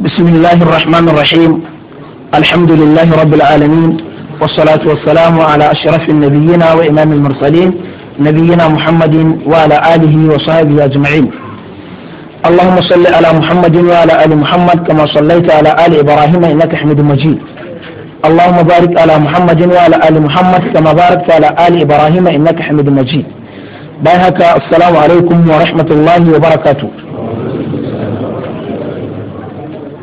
بسم الله الرحمن الرحيم الحمد لله رب العالمين والصلاة والسلام على أشرف النبيين وإمام المرسلين نبينا محمد وعلى آله وصحبه أجمعين اللهم صل على محمد وعلى آل محمد كما صليت على آل إبراهيم إنك حميد مجيد اللهم بارك على محمد وعلى آل محمد كما باركت على آل إبراهيم إنك حميد مجيد باهك السلام عليكم ورحمة الله وبركاته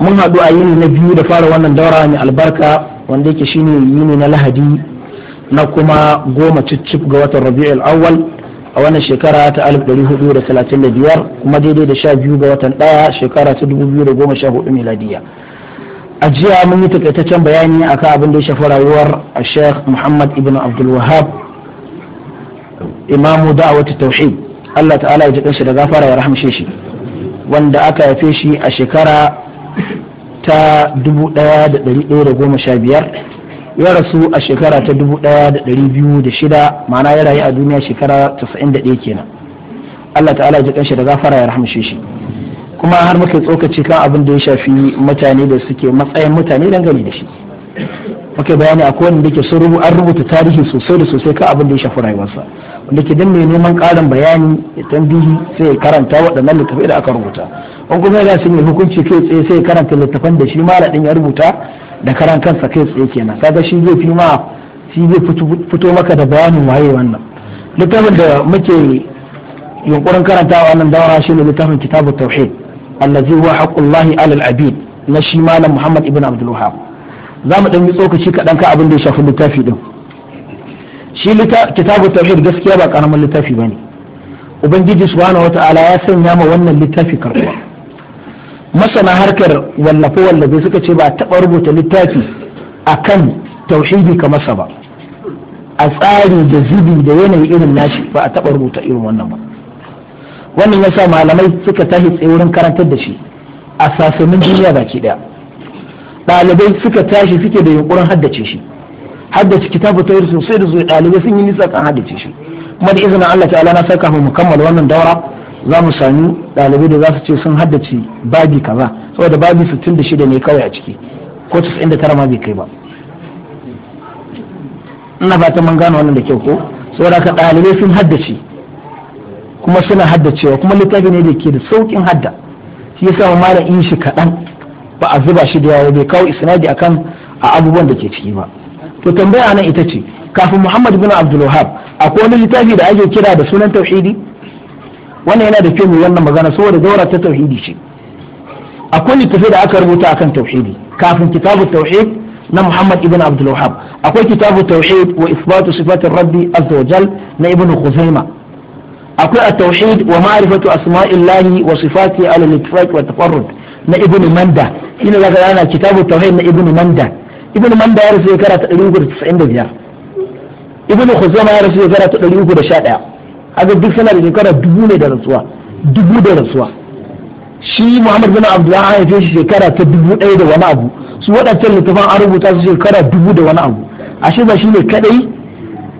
mun haɗu a yini na biyu da fara wannan daura mai albarka wanda yake shine yini na lahadi na kuma goma cicif ga watan rabi'ul awwal a wannan shekara ta 1435 kuma daidai da sha biyu ga watan ɗaya shekara ta 2014 miladiya a jiya mun yi takaitaccen bayani akan abin da ya shafi rayuwar a Sheikh Muhammad ibn Abdul wahab imamu wata tauhid Allah ta'ala ya ji shi da gafara ya rahamshe shi wanda aka haife shi a shekara ta biyar ya rasu a shekara ta dubu da da biyu shida ma'ana ya rayu a duniya shekara 91 kenan Allah ta'ala ya ji kanshi da gafara ya rahamshe shi kuma har muka tsokaci kan abin da ya shafi mutane da suke matsayin mutane dangane da shi muka bayani akwai wanda ke sun an rubuta tarihi sosai da sosai kan abin da ya shafi rayuwarsa wanda ke dan mai neman ƙarin bayani ya tambihi sai ya karanta waɗannan littafai da aka rubuta in kuma ya son hukunci kai tsaye sai ya karanta littafan da shi malamin ya rubuta da karan kansa kai tsaye kenan kaga shi zai fi ma shi zai fito maka da bayanin waye wannan littafin da muke yunkurin karantawa wannan dawara shi ne littafin kitabu tauhid allazi huwa haqqullahi alal abid na shi malam muhammad ibn abdul wahhab za mu dan yi tsokaci kaɗan ka abin da ya shafi littafi din shi kitabu tauhid gaskiya ba karamin littafi bane ubangiji subhanahu wata'ala ya sanya ma wannan littafi karbuwa masana harkar wallafe wallafe suka ce ba taɓa rubuta littafi akan tauhidi kamar sa ba a tsari da zubi da yanayi irin nashi ba a taɓa rubuta irin wannan ba wannan ya sa malamai suka tashi tsaye wurin karantar da shi a sassanin duniya baki ɗaya ɗalibai suka tashi suke da yunkurin haddace shi haddace kitabu ta yi sosai da ɗalibai sun yi nisa kan haddace shi kuma da izinin Allah ta'ala na saka mu mukammal wannan daura za mu sami ɗalibai da za su ce sun haddace babi kaza saboda babi 66 ne kawai a ciki ko 99 ma bai kai ba ina ba ta man gano wannan da kyau ko saboda ka ɗalibai sun haddace kuma suna haddacewa kuma littafi ne da ke da sauƙin hadda shi yasa mu mara in shi kaɗan ba a zuba shi da yawa bai kawo isnadi akan a abubuwan da ke ciki ba to tambaya nan ita ce kafin Muhammad bin Abdul Wahhab akwai wani littafi da ake kira da sunan tauhidi wannan yana da kyau mu wannan magana saboda daura ta tauhidi ce akwai littafi da aka rubuta akan tauhidi kafin kitabu tauhid na Muhammad ibn Abdul akwai kitabu tauhid wa isbatu sifatir rabbi azza wajal na ibn Khuzaima akwai at-tauhid wa ma'rifatu asma'illahi wa sifatihi ala al-ittifaq wa tafarrud na ibn Manda ina zaka yana kitabu tauhid na ibn Manda ibn manda ya rasu shekara ta 395 ibn khuzaima ya rasu shekara ta 311 haka duk suna da shekara dubu ne da rasuwa dubu da rasuwa shi muhammad bin abdullah ya haife shi shekara ta dubu ɗaya da wani abu su waɗancan littafan an rubuta su shekara dubu da wani abu ashe ba shi ne kadai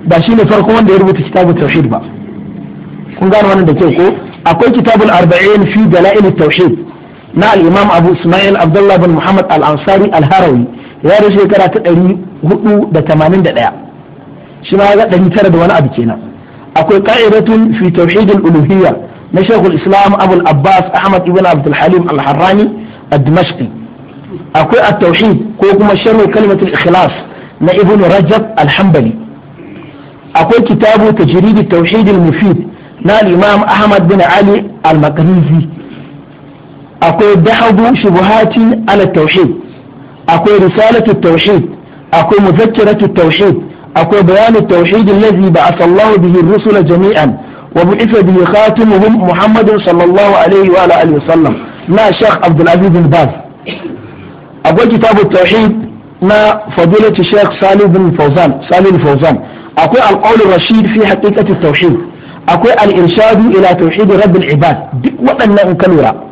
ba shi ne farko wanda ya rubuta kitabun tauhid ba kun gane wannan da kyau ko akwai kitabul arba'in fi dalail tauhid na al-imam abu isma'il abdullah bin muhammad al-ansari al-harawi ya da shekara ta ɗari hudu da tamanin da ɗaya shi ma ga ɗari tara da wani abu kenan akwai ƙa'idatun fi tauhidul uluhiyya na shekul islam abul abbas ahmad ibn abdul halim al-harrani ad-dimashqi akwai at-tauhid ko kuma sharh kalimatul ikhlas na ibn rajab al-hanbali akwai kitabu tajrid at-tauhid mufid na al-imam ahmad bin ali al-maqrizi akwai dahabu shubuhati ala tauhid akwai risalatu tauhid akwai muzakkiratu tauhid akwai bayanu tauhid allazi ba Allahu bihi rusula jami'an wa bu'itha bihi khatimuhum Muhammadin sallallahu alaihi wa ala alihi wasallam na Sheikh Abdul Aziz bin Baz akwai kitabu tauhid na fadilati Sheikh Salih bin Fawzan Salih Fawzan akwai al rashid fi haqiqati tauhid akwai al-irshadu ila tauhid rabbil ibad duk waɗannan kalura ka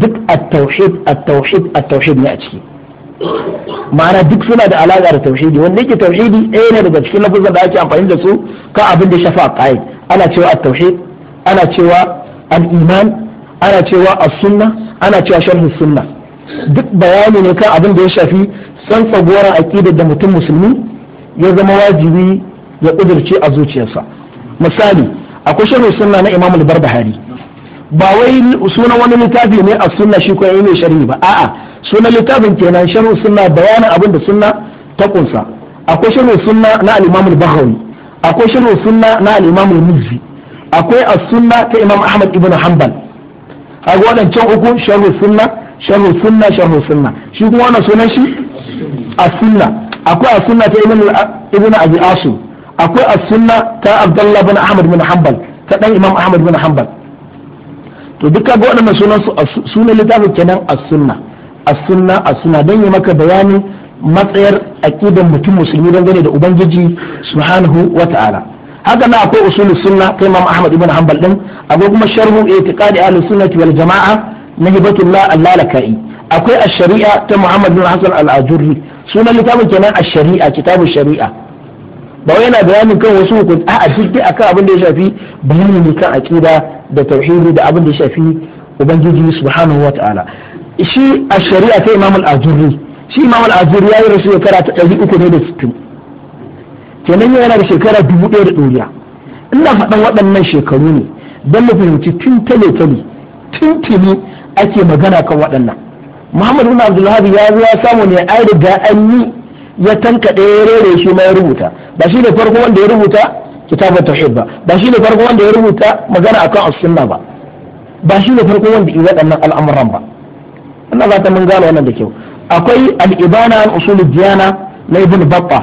duk at-tauhid at-tauhid at-tauhid ne a ciki ma'ana duk suna da alaƙa da tauhidi wanda yake tauhidi ɗaya ne daga cikin lafazan da ake amfani da su ka abin da shafa qaid ana cewa at-tauhid ana cewa al-iman ana cewa a sunna ana cewa sharh sunna duk bayani ne kan abin da ya shafi san tsagoran aqidar da mutum musulmi ya zama wajibi ya kudurce a zuciyarsa misali akwai sharh sunna na Imam al-Barbahari ba wai sunan wani littafi ne a sunna shi ko yayin sharhi ba a'a Suna littafin kenan sharhu sunna bayanin abin da sunna ta kunsa akwai sharhu sunna na al-imam al-bahawi akwai sharhu sunna na al-imam al akwai as-sunna ta imam ahmad ibn hanbal kaga wadancan uku sharhu sunna sharhu sunna sharhu sunna shi kuma wannan sunan shi as-sunna akwai as-sunna ta imam ibn abi asim akwai as-sunna ta abdullah bin ahmad bin hanbal ta dan imam ahmad bin hanbal to duka ga waɗannan sunan sunan littafin kenan as-sunna a sunna a sunna dan yi maka bayanin matsayar aqidan mutum musulmi dangane da ubangiji subhanahu wa ta'ala haka na akwai usulus sunna ta imam ahmad ibn hanbal din akwai kuma sharhu i'tiqadi ahlus sunnati wal jama'a na hibatullah al-lalaka'i akwai ash-shari'a ta muhammad bin hasan al-ajurri sunan littafin kenan ash-shari'a kitabu shari'a ba wai yana bayanin kan wasu hukun a a duk akan abin da ya shafi bayani ne kan aqida da tauhidi da abin da ya shafi ubangiji subhanahu wa ta'ala shi a shari'a ta imam al-azuri shi imam al-azuri ya yi rasu shekara ta ɗari uku ne da sittin kenan yana da shekara dubu ɗaya da ɗoriya ina faɗan waɗannan shekaru ne don mu fahimci tun tale tale tun tuni ake magana kan waɗannan muhammad bin abdullahi ya zo ya samu ne an riga an yi ya tankaɗe ya rere shi ma ya rubuta ba shi ne farko wanda ya rubuta kitabar tauhid ba ba shi ne farko wanda ya rubuta magana akan as-sunna ba ba shi ne farko wanda ya waɗannan al'amuran ba ina ba mun gane wannan da kyau akwai al-ibana an usulul diyana na ibn babba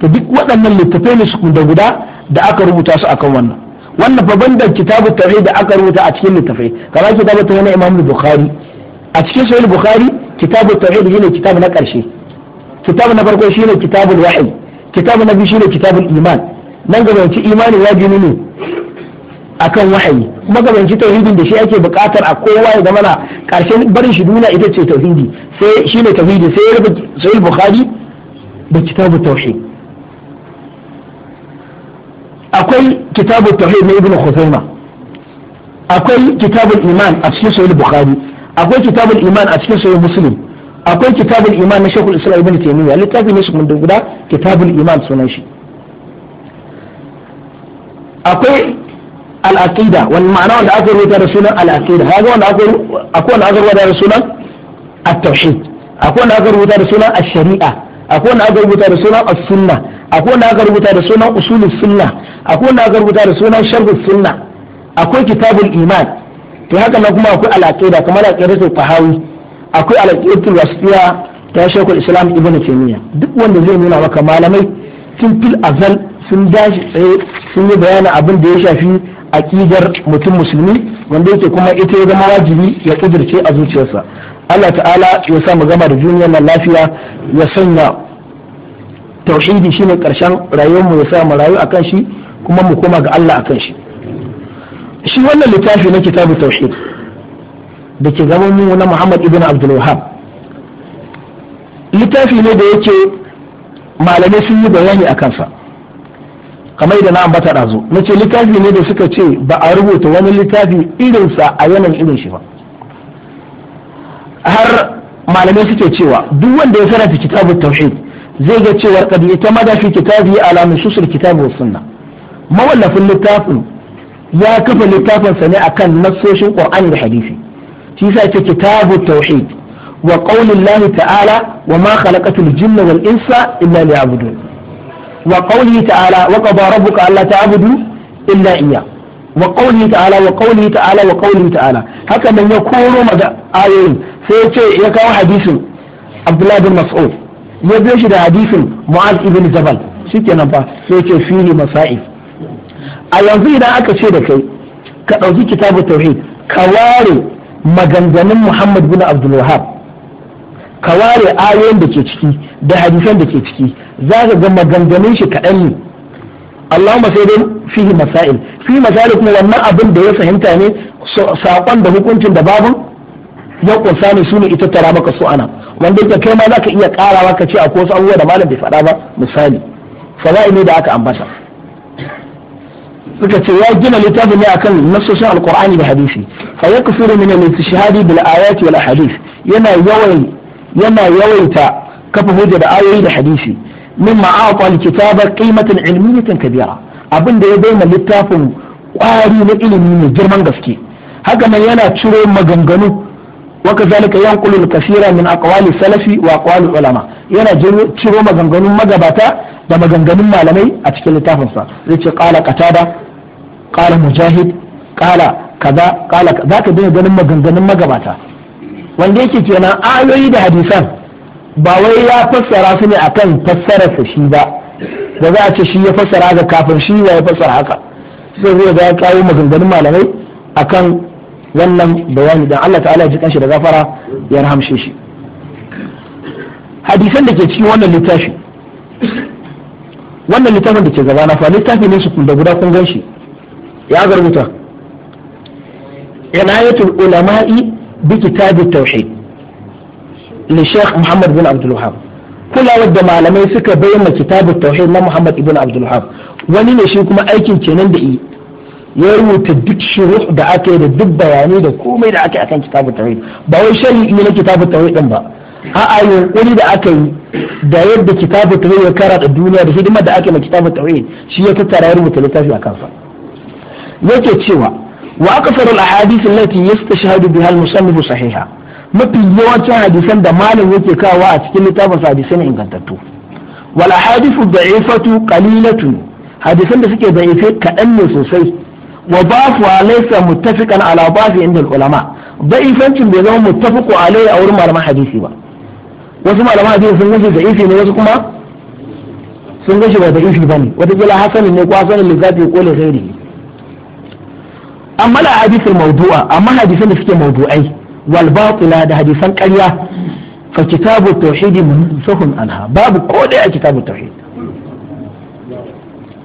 to duk waɗannan littafai ne su da guda da aka rubuta su akan wannan wannan fa da kitabu tauhid da aka rubuta a cikin littafai kamar kitabu tauhid na imam bukhari a cikin sahih bukhari kitabu tauhid shine kitabu na karshe kitabu na farko shine kitabul wahyi kitabu na biyu shine kitabul iman nan gaba ci imani wajibi ne akan wahayi kuma ga tauhidin da shi ake bukatar a kowa ya zama na barin shi duniya ita ce tauhidi sai shine tauhidi sai ya rubuta bukhari da kitabu tauhid akwai kitabu tauhid na ibnu khuzaima akwai kitabul iman a cikin sahih bukhari akwai iman a cikin sahih muslim akwai iman na shekul islam taymiya littafin ne mun guda iman sunan shi akwai al wani ma'ana wanda aka rubuta da sunan al-aqida kaga wanda aka akwai wanda aka rubuta da sunan at-tauhid akwai wanda aka rubuta da sunan ash-shari'a akwai wanda aka rubuta da sunan as-sunna akwai wanda aka rubuta da sunan usulus sunna akwai wanda aka rubuta da sunan sharhus sunna akwai kitabul iman to haka nan kuma akwai al-aqida kamar al-aqidatu fahawi akwai al-aqidatu wasfiya ta shekul islam ibn taymiya duk wanda zai nuna maka malamai tun fil azal sun dashi tsaye sun yi bayanin abin da ya shafi akidar mutum musulmi wanda yake kuma ita ya zama wajibi ya kudirce a zuciyarsa Allah ta'ala ya sa mu gama da duniya nan lafiya ya sanya tauhidi shine karshen rayuwarmu ya sa mu rayu akan shi kuma mu koma ga Allah akan shi shi wannan littafi na kitabu tauhid da ke gaban mu na Muhammad ibn Abdul Wahhab littafi ne da yake malamai sun yi bayani a kansa kamar idan na ambata ɗazu na ce littafi ne da suka ce ba a rubuta wani littafi irinsa a yanayin irin shi ba har malamai suke cewa duk wanda ya karanta kitabun tauhid zai ga cewar kad ita madafi kitabi ala nususul kitabi sunna mawallafin littafin ya kafa littafin sa ne akan nassoshin qur'ani da hadisi shi yasa yake kitabu tauhid wa qaulillahi ta'ala wa ma khalaqatul jinna wal insa illa liya'budun wa qawli ta'ala wa qada rabbuka alla ta'budu illa iya wa qawli ta'ala wa qawli ta'ala ta'ala haka nan ya koro maga ayoyin sai ya ya kawo hadisin Abdullah bin Mas'ud ya biyo shi da hadisin Mu'az ibn Jabal shikenan fa sai ya a yanzu idan aka ce da kai ka ɗauki kitabu tauhid ka ware maganganun Muhammad bin Abdul ka ware ayoyin da ke ciki da hadisan da ke ciki za ka ga maganganun shi kaɗan ne Allahumma sai dai fihi masail fi masail kuma wannan abin da ya fahimta ne saƙon da hukuncin da babun ya kunsa ne sune ita tara maka su ana wanda yake kai ma za ka iya ƙarawa ka ce a wasu abubuwa da malam bai faɗa ba misali fada'i ne da aka ambata suka ce ya gina littafin ne akan nassoshin alqur'ani da hadisi fa yakfuru min al-istishhadi bil ayati wal ahadith yana yawan yana yawaita kafa hujja da ayoyi da hadisi min a'ta alkitaba qimatan ilmiyatan kabira abin da ya bayyana littafin kwari na ilimi mai girman gaske haka nan yana ciro maganganu wa kazalika yanqulu al-kaseera min aqwali salafi wa aqwali ulama yana ciro maganganun magabata da maganganun malamai a cikin littafin sa zai ce qala qatada qala mujahid qala kaza qala zaka dinga ganin maganganun magabata wanda yake kenan ayoyi da hadisan ba wai ya fassara su ne akan fassararsa shi ba da za a ce shi ya fassara ga kafin shi ya fassara haka sai zai ga ya kawo maganganun malamai akan wannan bayani dan Allah ta'ala ya ji kanshi da gafara ya rahamshe shi hadisan da ke cikin wannan littafi wannan littafin da ke gaba na fa littafi ne su da guda kun gan shi ya garbuta yatul ulama'i بكتاب التوحيد للشيخ محمد بن عبد الوهاب kula da malamai suka bayyana kitabun tauhid na Muhammad ibn Abdul wani ne shi kuma aikin kenan da yi ya rubuta duk shiru da aka yi da duk bayanai da komai da aka yi akan kitabu tauhid ba wai shari ne na kitabu tauhid din ba a'a yunkuri da aka yi da yadda kitabu tauhid ya da duniya da hidimar da aka yi na kitabu tauhid shi ya tattara ya rubuta littafi a kansa yake cewa wa akasarul ahadith allati yastashhadu biha al sahiha mafi yawancin hadisan da malam yake kawo a cikin littafin hadisan ingantattu wal ahadithu da'ifatu qalilatun hadisan da suke da'ife kaɗan ne sosai wa dafu laysa muttafiqan ala dafi inda ulama da'ifancin bai zama muttafiqu alai a wurin malaman hadisi ba wasu malaman hadisi sun gashi da'ifi ne wasu kuma sun gashi ba da'ifi bane wata kila hasanin ne ko hasanin lizafi ko li ghairihi amma la hadisul mawdu'a amma hadisan da suke mawdu'ai wal batila da hadisan ƙarya fa kitabu tauhid munsahun anha babu ko daya a kitabu tauhid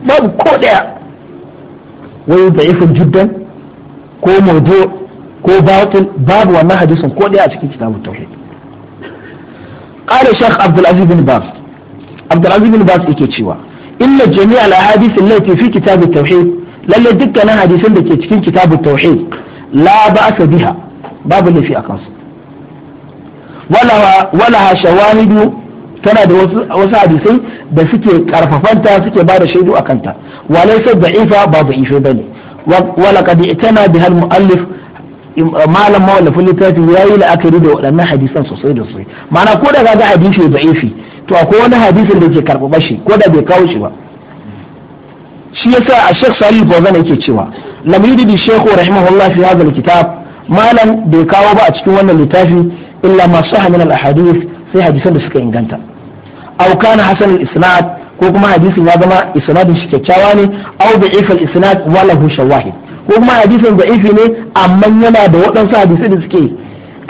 babu ko daya wai da'ifun jiddan ko mawdu ko batil babu wannan hadisin ko daya a cikin kitabu tauhid قال الشيخ عبد العزيز بن باز عبد العزيز بن باز يكي cewa إن جميع الأحاديث التي في كتاب التوحيد lalle dukkanin hadisan da ke cikin kitabu tauhid la ba'sa biha babu laifi a kansu walaha shawahidu tana da wasu hadisai da suke karfafanta suke ba da shaidu a kanta walai sai da'ifa babu ife bane wala qad itana bihal muallif malam mawallafin littafi ya yi la'akari da waɗannan hadisan sosai da sosai ma'ana ko da ga hadisi da'ifi to akwai wani hadisin da ke karɓa shi ko da bai kawo shi ba shi yasa a Sheikh Salih Bozan yake cewa lam yuridu Sheikh rahimahullah fi hadha kitab malam bai kawo ba a cikin wannan littafi illa ma sahha min al-ahadith sai hadisan da suka inganta aw kana hasan al-isnad ko kuma hadisin ya zama isnadin shi kyakkyawa ne aw da'if al-isnad wa lahu shawahid ko kuma hadisin da'ifi ne amma yana da waɗansu hadisai da suke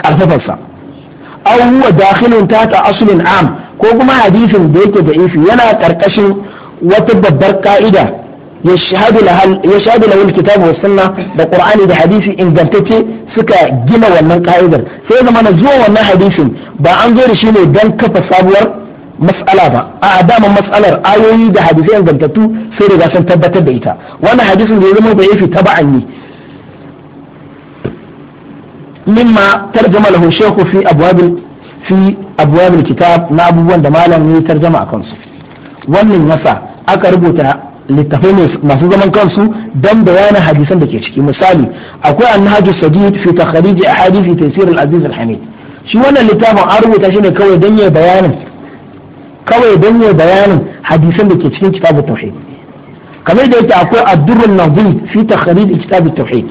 karfafarsa aw huwa dakhilun tata aslin am ko kuma hadisin da yake da'ifi yana karkashin wata babbar ka'ida shahadu lahu alkitabu was sunna da qur'ani da hadisi ingantacce suka gina wannan ka'idar sai zama na zuwa wannan hadisin ba an zo da shi ne don kafa sabuwar mas'ala ba a dama mas'alar ayoyi da hadisai ingantattu sai riga sun tabbatar da ita wannan hadisin da ya zama bai fi taba'an ne mimma tarjama lahu shaykhu fi abwabil fi abwabil kitab na abubuwan da malam ya tarjama akan su wannan yasa aka rubuta littafai masu zaman kansu don bayanin hadisan da ke ciki misali akwai annahaju sadid fi takhrij ahadith tafsir al-aziz al-hamid shi wannan littafin an rubuta shi ne kawai dan yayin bayanin kawai yayin bayanin hadisan da ke cikin kitabut tauhid kamar da yake akwai ad na nadid fi takhrij kitabut tauhid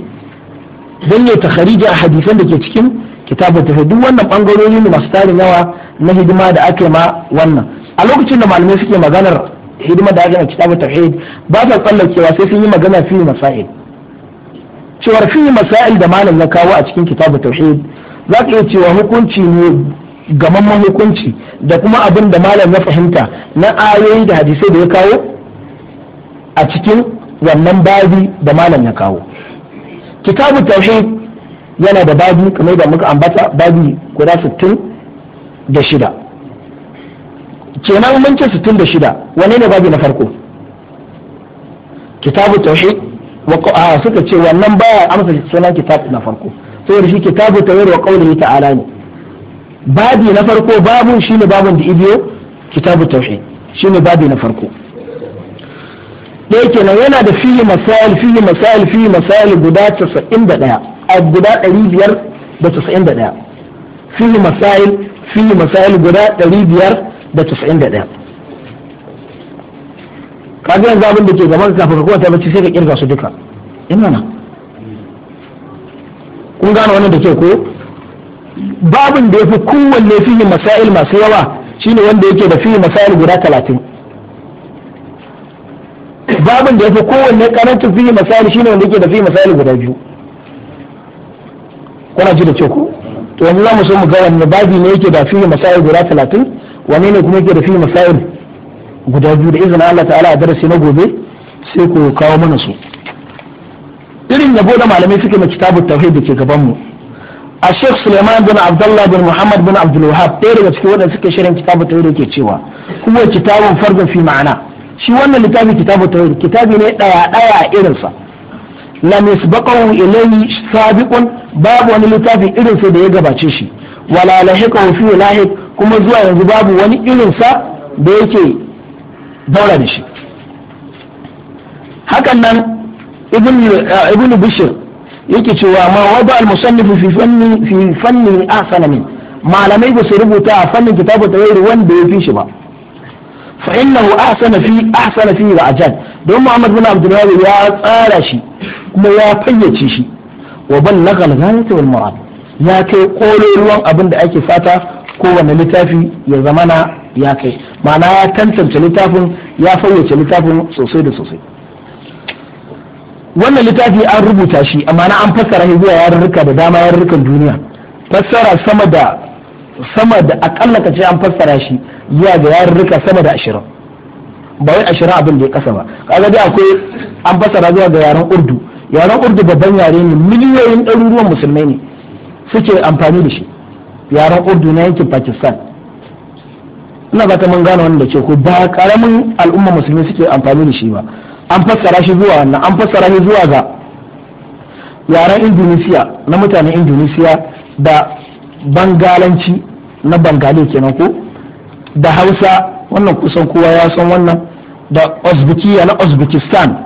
dan yayin takhrij hadisan da ke cikin kitabut tauhid duk wannan bangarori ne masu tarin yawa na hidima da ake ma wannan a lokacin da malamai suke maganar hidima da aka kitab tauhid ba ta tsallakewa sai sun yi magana fi masail cewar fi masail da malam ya kawo a cikin kitabut tauhid za ka iya cewa hukunci ne gamamman hukunci da kuma abin da malam ya fahimta na ayoyi da hadisai da ya kawo a cikin wannan babi da malam ya kawo kitabu tauhid yana da babi kamar da muka ambata babi guda sittin da shida kenan mun ce 66 wane ne babu na farko kitabu tauhid wa suka ce wannan baya amsa sunan kitab na farko saboda shi kitabu tauhid wa qawlihi ta'ala ne babi na farko babu shine babun da ibiyo kitabu tauhid shine babi na farko da kenan yana da fihi masail fihi masail fihi masail guda 91 a guda 591 fihi masail fihi masail guda 500 da tasa'in da ɗaya kaga yanzu abin da ke gaban ka ka kowace bacci sai ka kirga su duka in mana kun gane wannan da ke ko babin da ya fi kowanne fi masail masu yawa shine wanda yake da fi masail guda talatin babin da ya fi kowanne karancin fihi masail shine wanda yake da fi masail guda biyu kuna ji da ce ko to yanzu za mu so mu ga wanne babi ne yake da fi masail guda talatin wani ne kuma yake da fi masail guda biyu da izinin Allah ta'ala a darasi na gobe sai ku kawo mana su irin yabo da malamai suke na kitabu tauhid da ke gaban mu a Sheikh Suleiman bin Abdullah bin Muhammad bin Abdul Wahab ɗaya daga cikin waɗanda suke shirin kitabu tauhid yake cewa kuma kitabun farkon fi ma'ana shi wannan littafi kitabu tauhid kitabi ne ɗaya daya a irinsa lam yasbaqahu ilayhi sabiqun babu wani littafi sai da ya gabace shi wala lahiqahu fi lahiq kuma zuwa yanzu babu wani irinsa da yake daura da shi hakan nan ibn eh, bishir yake cewa ma wada al-musannifu fi fanni fi fanni ahsana malamai ba su rubuta a fannin kitabu tawhid wanda ya fi shi ba fa innahu ahsana fi ahsana fi ra'jan don Muhammad bin abdullahi ya tsara shi kuma ya fayyace shi wa ballagha al-ghayata wal murad ya kai ruwan abin da ake fata kowane littafi ya zamana ya kai ma'ana ya tantance littafin ya fayyace littafin sosai da sosai wannan littafi an rubuta shi amma na an fassara shi zuwa yarurruka da dama yarurrukan duniya fassara sama da sama da akalla kace an fassara shi zuwa ga yarurruka sama da ashirin ba wai ashirin abin da ya kasa ba kaga dai akwai an fassara zuwa ga yaren urdu yaren urdu babban yare ne miliyoyin ɗaruruwan musulmai ne suke amfani da shi yaren urdu na yankin pakistan ina ba mun gane wanda ce ko ba karamin al'umma musulmi suke amfani da shi ba an fassara shi zuwa wannan an fassara shi zuwa ga yaren indonesia na mutanen indonesia da bangalanci na bangale kenan ko da hausa wannan kusan kowa ya san wannan da osbikiya na uzbekistan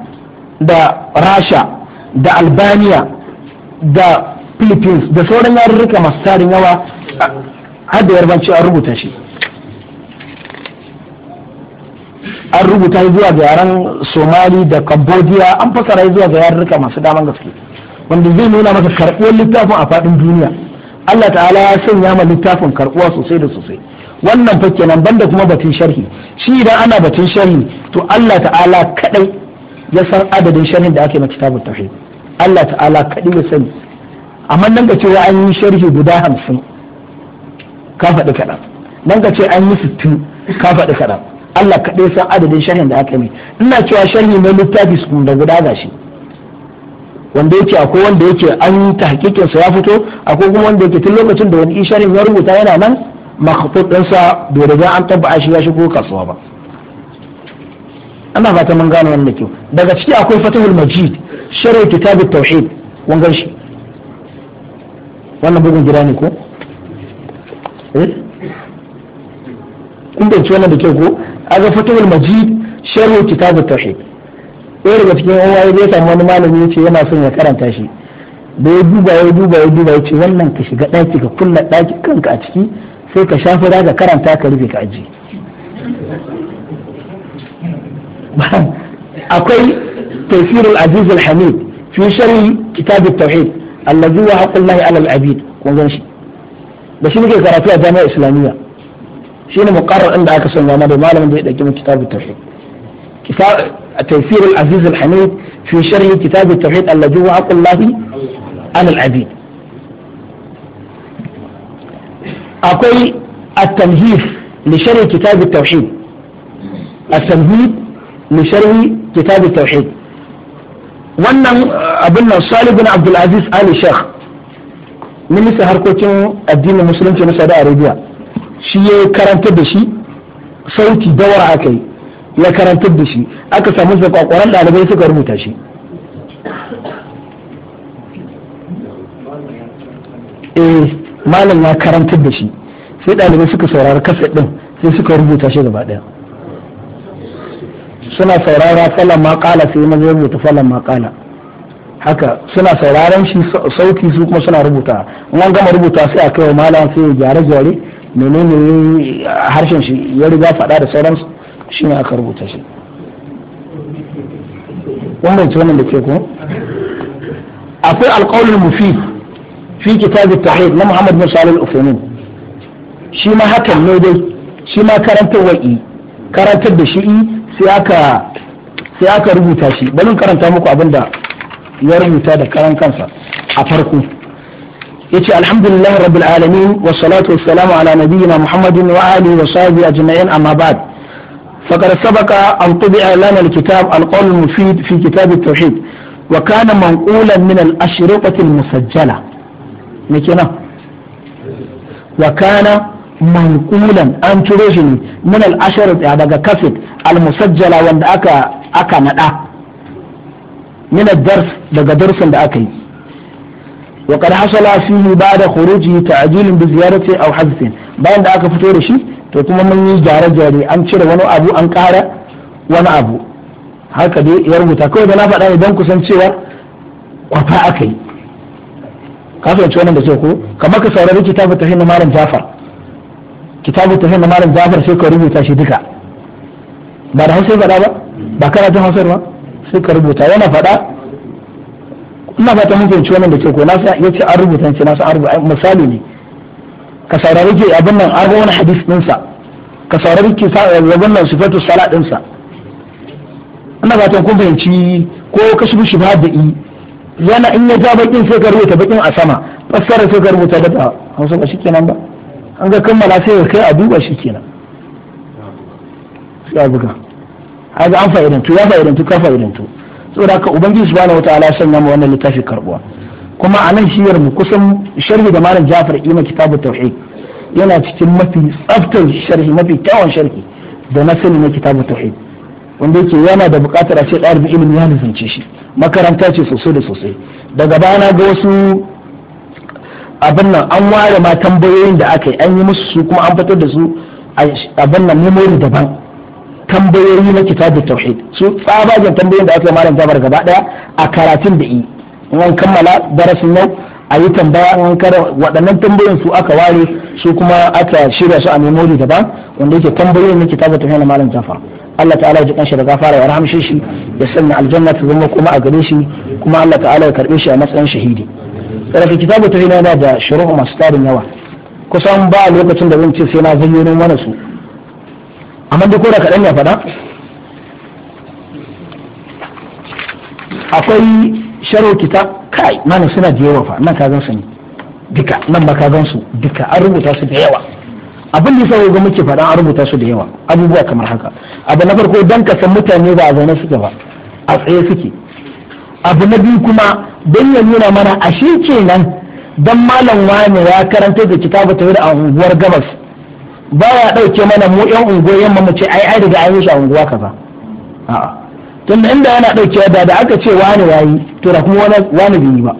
da rasha da albania da philippines da sauran yarurruka masu tarin yawa har da yarbanci an rubuta shi an rubuta zuwa ga yaren somali da cambodia an fasara zuwa ga yarurruka masu daman gaske wanda zai nuna masa karɓuwar littafin a faɗin duniya allah ta'ala ya sanya ma littafin karɓuwa sosai da sosai wannan fa nan banda kuma batun sharhi shi idan ana batun sharhi to allah ta'ala kaɗai ya san adadin sharhin da ake na kitabun tauhid allah ta'ala kaɗai ya sani amma nan ka ce an yi sharhi guda hamsin ka faɗi kaɗan nan ka ce an yi sittin ka faɗi kaɗan Allah kaɗai san adadin sharhin da aka yi ina cewa sharhi na littafi su da guda gashi wanda yake akwai wanda yake an yi tahqiqin sa ya fito akwai kuma wanda yake tun lokacin da wani isharin ya rubuta yana nan makhtut sa bai riga an tabbata shi ya shigo kasuwa ba ana fata mun gane wannan kyau daga ciki akwai fatahul majid sharh kitab tauhid wangan shi wannan bugun gida ne ko eh ci wannan da ke ko aga fatawul majid sharhu Kitabu, tauhid ɗaya daga cikin wani ya samu wani malami yace yana son ya karanta shi da ya duba ya duba ya duba ya ce wannan ka shiga ɗaki ka kulla ɗaki kanka a ciki sai ka shafi da karanta ka rufe ka aji akwai tafsirul aziz al-hamid fi sharhi kitab at-tauhid الذي هو حق الله على العبيد كون زين شي بس شنو كيف قراتوها جامعة إسلامية شنو مقرر عند عكس ما ما لم يدعي من كتاب التوحيد كتاب تفسير العزيز الحميد في شرح كتاب التوحيد الذي هو حق الله على العبيد أقول التنهيف لشرح كتاب التوحيد التنهيف لشرح كتاب التوحيد wannan eh, abin nan salih bin abdulaziz ali sheikh minista harkokin addinin musulunci na saudi arabia shi ya karantar da shi sauti dawara aka yi ya karantar da shi aka samu zakwakwaran dalibai suka rubuta shi eh malam ya karantar da shi sai dalibai suka saurari kasa ɗin sai suka rubuta shi gaba ɗaya suna saurara falon makala sai maza ya rubuta falon makala haka suna sauraron shi sauki su kuma suna rubuta wani gama rubuta sai a kai wa malam sai ya gyare gyare menene harshen shi ya riga faɗa da sauran shi ne aka rubuta shi wannan ce wannan da ke ko akwai alƙawlul mufi fi kitab at na Muhammad bin Salih al-Uthaymeen shi ma hakan ne dai shi ma karantar wa'i karantar da shi'i sai aka rubuta shi balin karanta muku abin da ya rubuta da karan kansa a farko yace alhamdulillah rabbil alamin wa salatu was salamu ala nabiyyina muhammadin wa alihi wa sahbihi ajma'in amma ba'd فقد سبق أن طبع لنا الكتاب القول المفيد في كتاب التوحيد وكان منقولا من الأشرطة المسجلة مكنا an منقولا shi ترجني من الأشرطة daga كاسيت al-musajjala wanda aka aka nada min dars daga darsin da aka yi wa qad hasala fihi ba'da khuruji ta'jilun bi ziyarati aw hadthin bayan da aka fito da shi to kuma mun yi gyare-gyare an cire wani abu an ƙara wani abu haka dai ya rubuta kawai da na faɗa ne don kusan cewa kwafa aka yi ka fahimci wannan da ko kamar ka saurari kitabu tafi na malam jafar kitabu tafi na malam jafar sai ka rubuta shi duka ba da hausa faɗa ba ba karatun hausar ba sai ka rubuta yana faɗa ina fata mun fahimci wannan da ke ko nasa ya ce an rubuta ce nasa an rubuta misali ne ka saurari ke abin nan an wani hadis ɗinsa ka saurari ke abin nan sifatu sala ɗinsa ina fata kun fahimci ko ka shi ba da yana in ya ja bakin sai ka rubuta bakin a sama fassara sai ka rubuta da hausa ba shi kenan ba an ga kammala sai ka kai a duba kenan sai haka an fa'idantu ya fa'idantu ka fa'idantu saboda haka ubangiji subhanahu wataala ya sanya mu wannan littafi karbuwa kuma a nan shiyar mu kusan sharhi da malam Ja'far ima kitabu tauhid yana cikin mafi tsaftar sharhi mafi kyawun sharhi da na sani na kitabu tauhid wanda yake yana da buƙatar a ce ɗalibi ilimi ya nisance shi makaranta ce sosai da sosai daga bana ga wasu abin nan an ware ma tambayoyin da aka yi an yi musu su kuma an fitar da su abin nan memory daban tambayoyi na kitabu tauhid su tsabagen tambayoyin da aka malam jabar gaba daya a karatun da yi in kammala darasin yau a yi tambaya an waɗannan tambayoyin su aka ware su kuma aka shirya su a memori daban wanda yake tambayoyin na kitabu tauhid na malam jafar Allah ta'ala ji kanshi da gafara ya rahamshe shi ya sanna aljanna ta zama kuma a gare shi kuma Allah ta'ala ya karbe shi a matsayin shahidi sarrafa kitabu tauhid yana da shuruhu masu tarin yawa kusan ba lokacin da zan ce sai na zayyano mana su amma dai ko kaɗan ya faɗa akwai sharo kita kai mana suna da yawa fa nan ka gan su ne duka nan ba ka gan su duka an rubuta su da yawa abin da yasa ga muke faɗa an rubuta su da yawa abubuwa kamar haka abu na farko dan ka san mutane ba a zaune suke ba a tsaye suke abu na biyu kuma dan ya nuna mana ashe kenan dan malam wani ya karanta da kitabu tawhid a unguwar gabas Ba ya ɗauke mana mu unguwa unguwar mu ce ai ai daga an yi shi a unguwa kaza a'a tunda inda yana ɗauke da da aka ce wani yayi to da kuma wani bai ba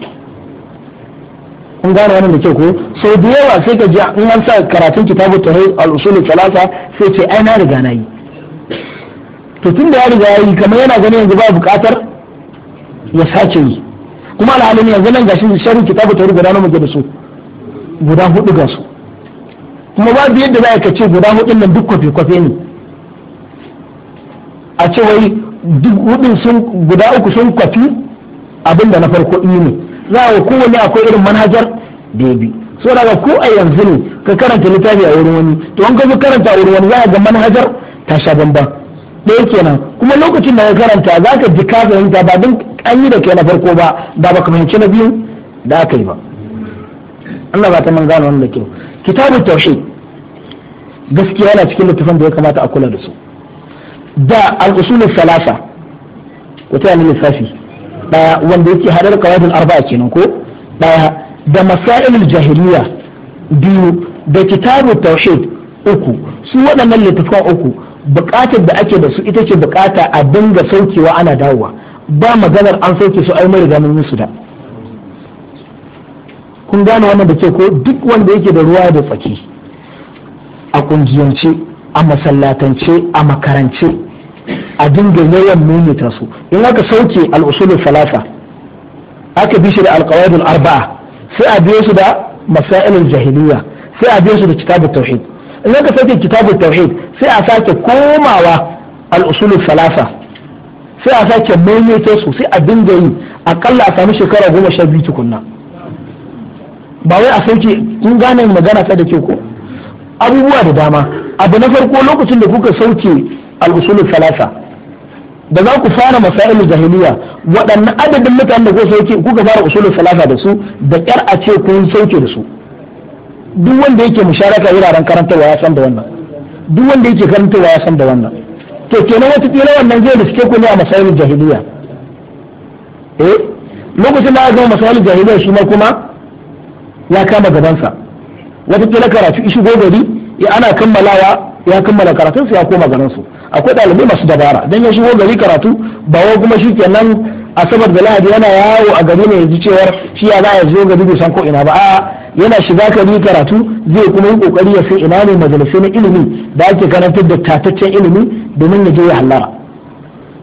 kun gane wannan da ke ko sau da yawa sai ka ji in an sa karatun kitabu tauhid al-usul thalatha sai ce ai na riga na yi to tunda ya riga yayi kamar yana ganin yanzu ba buƙatar ya sace yi kuma alhalin yanzu nan gashi sharri kitabu tauhid guda nawa muke da su guda hudu ga su kuma babu yadda za ka ce guda hudun nan duk kwafe-kwafe ne a ce wai duk hudun sun guda uku sun kwafi abin na farko ɗi ne za a kowane akwai irin manhajar da ya so daga ko a yanzu ne ka karanta littafi a wurin wani to an ka karanta a wurin wani za a ga manhajar ta sha bamban ɗaya kenan kuma lokacin da ka karanta za ka ji ka fahimta ba don an yi da kai na farko ba da ka fahimci na biyu da aka yi ba Allah ba ta man gano wannan kyau kitabun taushe gaskiya yana cikin littafin da ya kamata a kula da su da al'usul salasa wata yana lissafi daya wanda yake hadar qawaidul arba'a kenan ko daya da masail jahiliya biyu da kitabun taushe uku su waɗannan littafan uku buƙatar da ake da su ita ce buƙata a dinga saukewa ana dawowa ba maganar an sauke su ai mai riga mun da kun gane wannan da ke ko duk wanda yake da ruwa da tsaki a kungiyance a masallatance a makarance a dinga yawan maimaita su in aka sauke al'usulun salasa aka bi shi da alkawadun arba'a sai a biyo su da masailul jahiliya sai a biyo su da kitabu tauhid in aka sauke kitabu tauhid sai a sake komawa alusulun salasa sai a sake maimaita su sai a dinga yi akalla a sami shekara goma sha biyu tukunna ba wai a sauke kun gane magana ta da ke ko abubuwa da dama abu na farko lokacin da kuka sauke al salasa da za ku fara masailu jahiliya waɗannan adadin mutanen da kuka sauke kuka fara usulul salasa da su da ƙyar a ce kun sauke da su duk wanda yake musharaka wuraren karantarwa ya san da wannan duk wanda yake karantarwa ya san da wannan to kenan wata tsira wannan zai da suke ku ne a masailu jahiliya eh lokacin da aka gama masailu jahiliya shi ma kuma ya kama gabansa kila karatu shigo gari ya ana kammalawa ya kammala karatunsa ya koma garinsu akwai ɗalibai masu dabara don ya shigo gari karatu ba wai kuma shikenan asabar da lahadi yana yawo a gari ne yaji cewa cewar shi ya za ya zo gari bai san ko ina ba a yana shiga kari karatu zai kuma yi kokari ya sai ina ne majalisa na ilimi da ake karantar da tataccen ilimi domin ya je ya hallara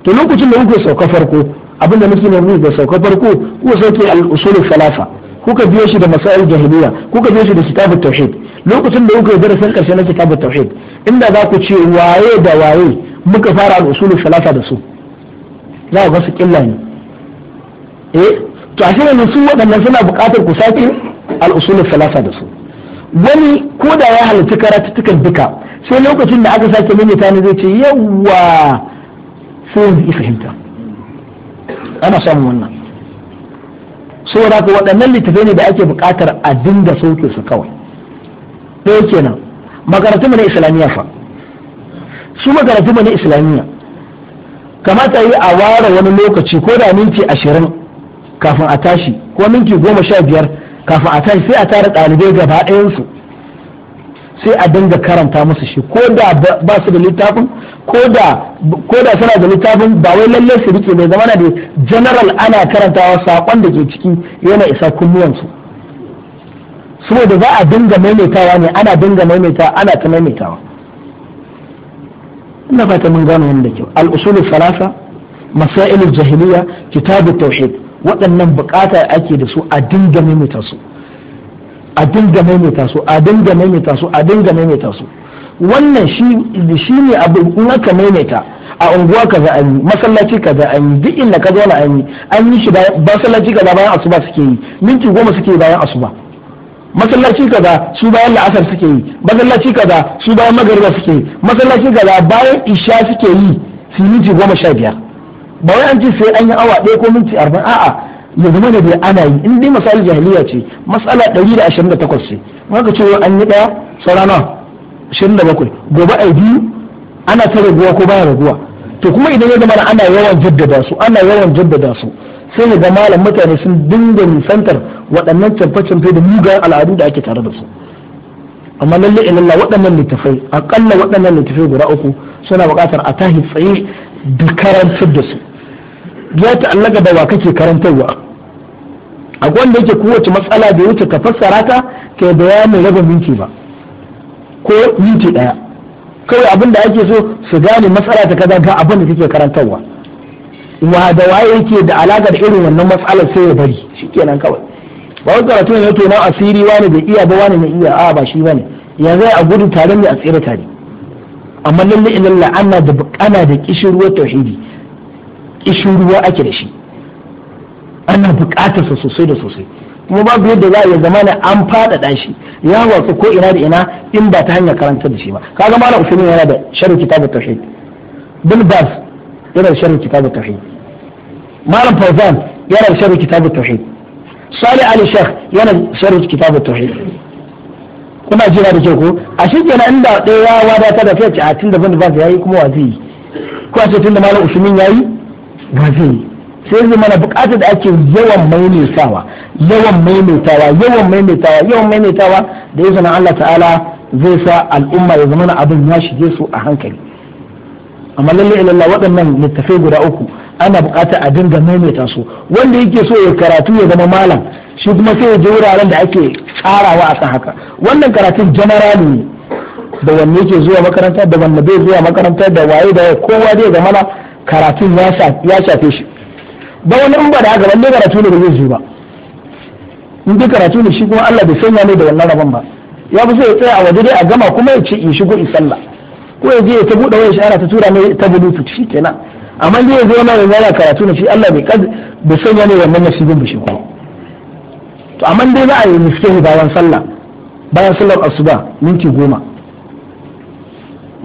to lokacin da muke sauka farko abinda da muke nemi da sauka farko ko sauke al-usul salasa. kuka biyo shi da masail jahiliya kuka biyo shi da kitabut tauhid lokacin da kuka yi darasin karshe na kitabut tauhid inda za ku ce waye da waye muka fara al-usul salasa da su za ku ga su killa ne eh to a shirin su waɗannan suna buƙatar ku sake al-usul salasa da su wani ko da ya halarci karatuttukan duka sai lokacin da aka sake maimaita ne zai ce yawa sai yi fahimta ana samun wannan saboda ka waɗannan littafai ne da ake buƙatar a dinga sauke su kawai ɗaya kenan makarantu na islamiyya fa su makarantu na islamiyya kamata yi a ware wani lokaci ko da minti ashirin kafin a tashi ko minti goma sha biyar kafin a tashi sai a tara ɗalibai gaba ɗayansu sai a dinga karanta musu shi ko da ba su da littafin ko da suna da littafin ba wai lalle su rike mai zamana da general ana karantawa sakon da ke ciki yana isa kunnuwansu saboda za a dinga maimaitawa ne ana dinga maimaita ana ta maimaitawa ina fata mun gano da kyau al-usulul salasa masailul jahiliya kitabut tauhid waɗannan bukata ake da su a dinga maimaita su a dinga maimaita su a dinga maimaita su a dinga maimaita su wannan shi shi ne abu in aka maimaita a unguwa kaza an yi masallaci kaza an yi duk inda ka zauna an yi an yi shi masallaci kaza bayan asuba suke yi minti goma suke yi bayan asuba masallaci kaza su bayan la'asar suke yi masallaci kaza su bayan magariba suke yi masallaci kaza bayan isha suke yi su minti goma sha biyar ba wai an ce sai an yi awa ɗaya ko minti arba'in a'a ya zama da dai ana yi in dai misali jahiliya ce masala 128 ce maka cewa an yi daya saurana 27 gobe yi biyu ana ta raguwa ko baya raguwa to kuma idan ya zama ana yawan jaddada su ana yawan jaddada su sai ga malam mutane sun dinga nisantar waɗannan camfe-camfe da mugayen al'adu da ake tare da su amma lalle ilalla waɗannan littafai akalla waɗannan littafai guda uku suna buƙatar a tahi tsaye da karantar da su ya ta'allaka da wa kake karantarwa akwai wanda yake kowace matsala da wuce ka fassara ta kai bayanin raba minti ba ko minti daya kawai abin da ake so su gane matsala ta kaza ga abin da kake karantarwa wa da waye yake da alaka da irin wannan matsalar sai ya bari shikenan kawai ba wani karatu ne yake na asiri wani da iya ba wani ne iya a ba shi bane yanzu a gudu tare ne a tsira tare amma lalle ilalla ana da da kishirwar tauhidi ruwa ake da shi ana buƙatar sa sosai da sosai kuma babu yadda za a yi zamana an faɗaɗa shi ya watsa ko ina da ina in ba ta hanyar karantar da shi ba kaga malam usman yana da sharh kitabut tauhid bin bas yana da sharh kitabut tauhid malam fawzan yana da sharh kitabut tauhid salih ali shekh yana da sharh kitabut tauhid kuna jira da kyau ko a shi kenan inda ɗaya ya wadata da fiye a tun da bin bas yayi kuma wa zai yi ko a ce tun da malam usman yayi wa zai yi sai zama na bukatar da ake yawan maimaitawa yawan maimaitawa yawan maimaitawa yawan maimaitawa da ya zana Allah ta'ala zai sa al'umma ya zama abin ya shige su a hankali amma lalle ilalla waɗannan littafai guda uku ana bukatar a dinga maimaita su wanda yake so ya karatu ya zama malam shi kuma sai ya je wuraren da ake tsarawa a kan haka wannan karatun janarali ne da wanne yake zuwa makaranta da wanne bai zuwa makaranta da waye da kowa zai zama karatun ya shafe shi dan wani in ba da haka balle karatu ne da zai zo ba in dai karatu ne shi kuma Allah bai sanya ne da wannan rabon ba ya fi so ya tsaya a waje dai a gama kuma ya ce in shigo in sallah ko ya je ya ta buɗe wani shi ana ta tura ne ta bluetooth shi kenan amma dai ya zo na yana karatu ne shi Allah bai kad bai sanya ne wannan nasibin bishi kuma to amma dai za a yi miskin bayan sallah bayan sallar asuba minti goma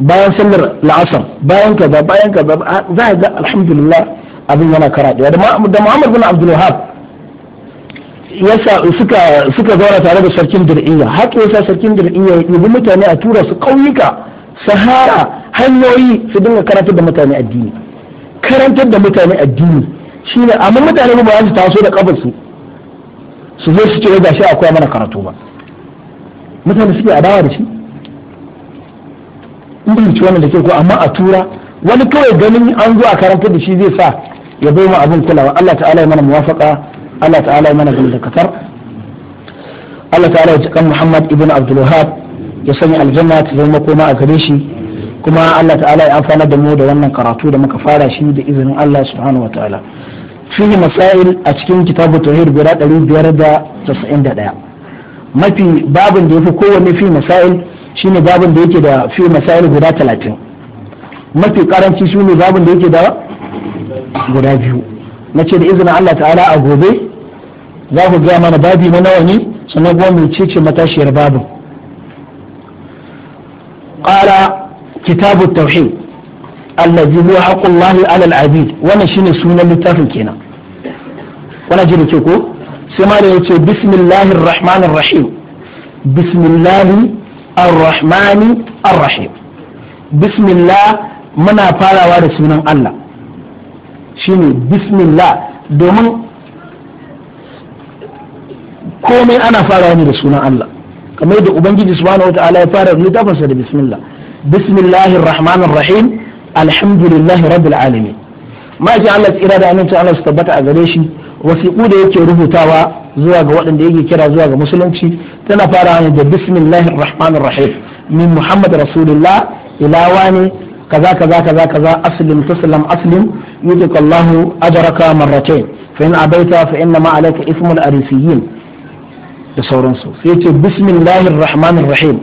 bayan sallar la'asar bayan kaza bayan kaza za a ga alhamdulillah abin yana karaɗewa da muhammad bin abdul wahab suka suka zauna tare da sarkin dir'iyya haka yasa sarkin dir'iyya ya ɗibi mutane a tura su ƙauyuka sahara hanyoyi su dinga karantar da mutane addini karantar da mutane addini shine amma mutane ba su taso da kabar su su zo su ce ga shi akwai mana karatu ba mutane suke adawa da shi in ci wannan da ke ko amma a tura wani kawai ganin an zo a karanta da shi zai sa ya bai mu abin kulawa Allah ta'ala ya mana muwafaqa Allah ta'ala ya mana gamdakatar Allah ta'ala ya ji kan Muhammad ibn Abdul Wahhab ya sanya aljanna ta zama koma a gare shi kuma Allah ta'ala ya amfana da mu da wannan karatu da muka fara shi da izinin Allah subhanahu wataala fihi masail a cikin kitabu tauhid guda 591 mafi babin da yafi kowanne fi masail shine babin da yake da fi masail guda 30 mafi karanci shi ne babin da yake da guda biyu na ce da izinin Allah ta'ala a gobe za ku gaya mana babi na nawa ne sannan kuma mai cece matashiyar babin ƙara kitabu tauhid allazi huwa haqqullahi ala al-abid wannan shine sunan littafin kenan wannan jini ke ko sai ma da yace bismillahir rahmanir rahim bismillahir rahmanir rahim bismillah muna farawa da sunan Allah shine bismillah domin komai ana farawa ne da sunan Allah kamar da ubangiji subhanahu wataala ya fara littafinsa da bismillah bismillahir rahmanir rahim alhamdulillahi rabbil alamin ma ji Allah tsira da aminta Allah su tabbata a gare shi wasiqu da yake rubutawa zuwa ga waɗanda yake kira zuwa ga musulunci tana farawa ne da bismillahir rahmanir rahim min muhammad rasulullah ila wani kaza kaza kaza kaza aslim taslam aslim yutik Allahu ajraka marratayn fa in abaita fa inna ma alayka ismul arisiyin da sauransu sai ce bismillahir rahmanir rahim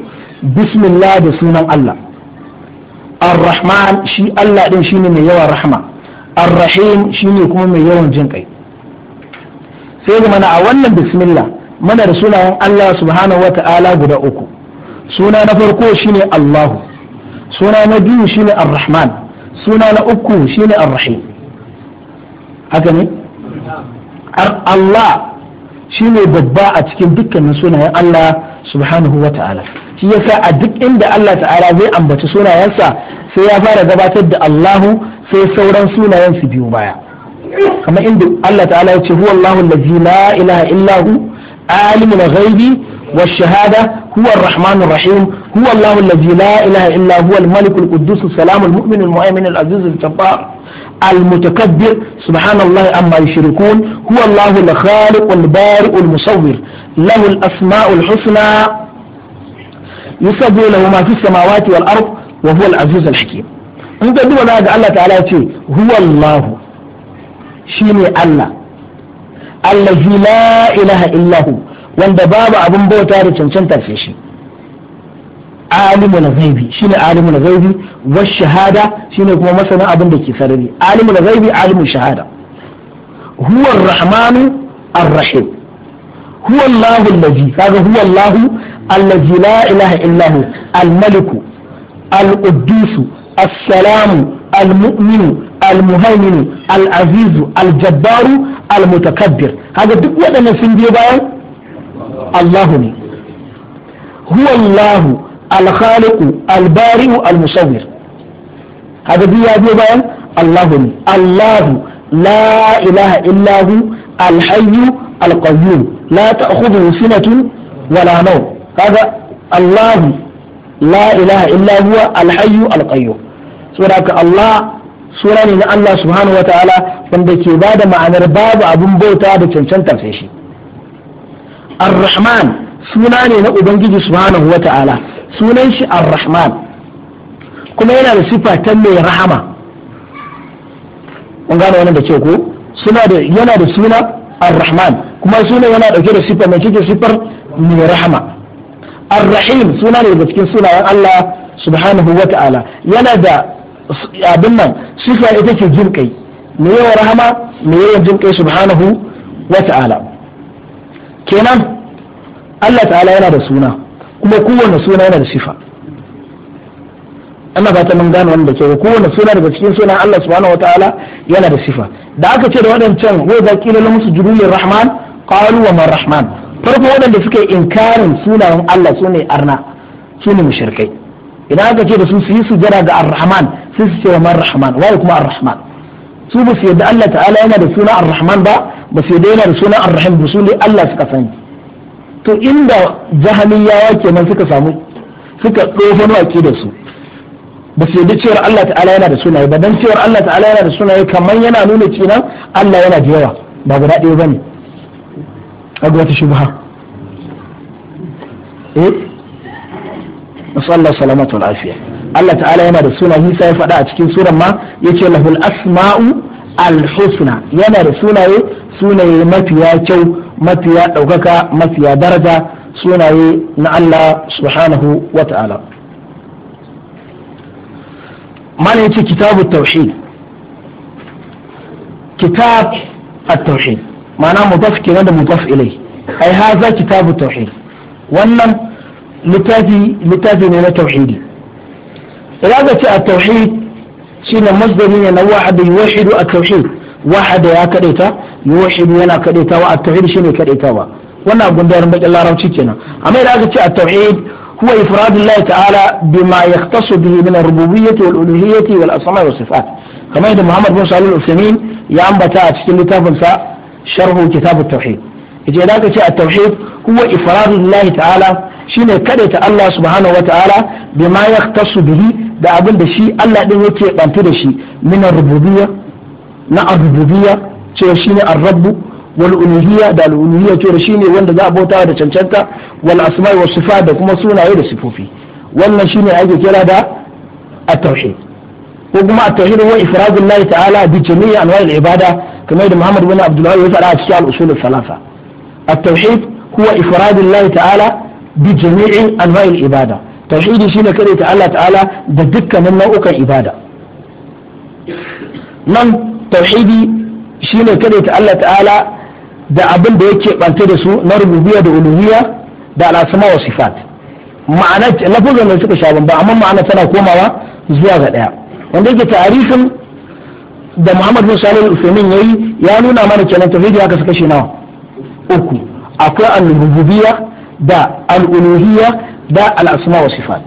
bismillah da sunan Allah ar-rahman shi Allah ɗin shine mai yawan rahma ar-rahim shine kuma mai yawan jin kai sai ga mana a wannan bismillah mana da sunayen Allah subhanahu wata'ala guda uku suna na farko shine Allahu suna na biyu shine ar-rahman suna na uku shine ar-rahim haka ne Allah shine babba a cikin dukkanin sunayen Allah subhanahu wa ta'ala shi yasa a duk inda Allah ta'ala zai ambaci sunayensa sai ya fara gabatar da Allahu sai sauran sunayen su biyu baya kamar inda Allah ta'ala ya ce huwa Allahu la ilaha illahu hu alimul ghaibi wa shahada هو الرحمن الرحيم هو الله الذي لا إله إلا هو الملك القدوس السلام المؤمن المؤمن العزيز الجبار المتكبر سبحان الله عما يشركون هو الله الخالق البارئ المصور له الأسماء الحسنى يسبح له ما في السماوات والأرض وهو العزيز الحكيم أنت ka هذا الله تعالى هو الله ya ce الذي لا إله إلا هو wanda babu abin bauta da cancanta sai shi alimul ghaibi shine alimul ghaibi wa shahada shine kuma masanin abin da ke sarari alimul ghaibi alimul shahada huwa ar-rahmanu ar-rahim huwa Allahu allazi kaga huwa Allah allazi la ilaha illa hu al-maliku al-quddus as al-mu'minu al-muhaiminu al-azizu al-jabbaru al-mutakabbir kaga duk waɗannan sun biyo bayan Allahu ne huwa Allahu al-khaliqu al-bari'u al-musawwir haka duk ya biyo bayan Allahu ne Allahu la ilaha illa hu al-hayyu al kaga Allahu la ilaha illa huwa al Allah sura ne na Allah subhanahu wa ta'ala wanda ke ba da ma'anar babu abin bauta da cancanta sai shi ar-rahman suna ne na ubangiji subhanahu wata'ala sunan shi ar kuma yana da sifa ta mai rahama kun gane wannan da ke suna da yana da suna ar kuma suna yana dauke da sifa mai cikin sifar mai rahama suna ne daga cikin Allah subhanahu yana da abin nan sifa ita ce jin kai me rahama me yawa jin kai subhanahu kenan Allah ta'ala yana da suna kuma kowane suna yana da sifa Allah ta mun gane wanda ke kowane suna daga cikin sunan Allah subhanahu wataala yana da sifa da aka ce da waɗancan wai za kila lamu su jurulin rahman qalu wa rahman farko waɗanda suka yi inkarin sunayen Allah ne arna ne mushrikai idan aka ce da su su yi sujada ga ar-rahman sai su ce wa rahman wai kuma ar-rahman su ba su yadda Allah ta'ala yana da suna ar-rahman ba ba su daina da sunan arrahim ba su ne Allah suka sani to inda jahamiyawa kenan suka samu suka tsofano a da su ba su yadda cewar Allah ta'ala yana da sunaye ba dan cewar Allah ta'ala yana da sunaye kamar yana nuna cewa Allah yana da yawa ba guda ɗaya bane kaga wata shubha eh Allah salamatu wal afiya Allah ta'ala yana da sunaye Isa ya faɗa a cikin suran ma yace lahul asma'u al husna yana da sunaye sunaye mafiya kyau mafiya ɗaukaka mafiya daraja sunaye na Allah subhanahu wa ta'ala mana yace kitabu tauhid kitab at-tauhid ma'ana mudaf kenan da mudaf ilai ai haza kitabu tauhid wannan littafi littafi ne na tauhidi idan ka ce at-tauhid shine masdari ne na wahada yuwahidu at-tauhid wahada ya kadaita yuhidu yana kadaitawa a tauhid shine kadaitawa wannan abun da yaran bakin larabci kenan amma idan aka ce at-tauhid huwa ifradullahi ta'ala bima yahtassu bihi min ar-rububiyyati wal-uluhiyyati wal-asma' was-sifat kamar yadda Muhammad bin Salih al-Uthaymeen ya ambata a cikin littafin sa sharhu kitab at-tauhid yace idan aka ce at-tauhid huwa ifradullahi ta'ala shine kadaita Allah subhanahu wa ta'ala bima yahtassu bihi da abin da shi Allah din yake bantu da shi min ar na ar-rububiyya cewa shine ar-rabbu wal uluhiyya da al uluhiyya cewa shine wanda za a bauta da cancanta wal asma'i was sifat da kuma sunaye da sifofi wannan shine ake kira da at-tauhid ko kuma at-tauhid wa ifradul lahi ta'ala bi jami'i anwa'i al-ibada kamar da Muhammad bin Abdullah ya faɗa a cikin al-usul al-thalatha at-tauhid huwa ifradul lahi ta'ala bi jami'i anwa'i al-ibada tauhidi shine kare ta Allah ta'ala da dukkanin nau'ukan ibada nan tauhidi shine ta Allah ta'ala da abin da yake banta da su na rububiyya da uluhiyya da al'asuma wa sifat ma'ana lafazan da suka shaban ba amma ma'ana tana komawa zuwa ga ɗaya. wanda yake tarihin da Muhammad bin Salih al-Uthaymeen yayi ya nuna mana kenan tauhidi haka suka kashe nawa uku akwai al-rububiyya da al-uluhiyya da al wa sifat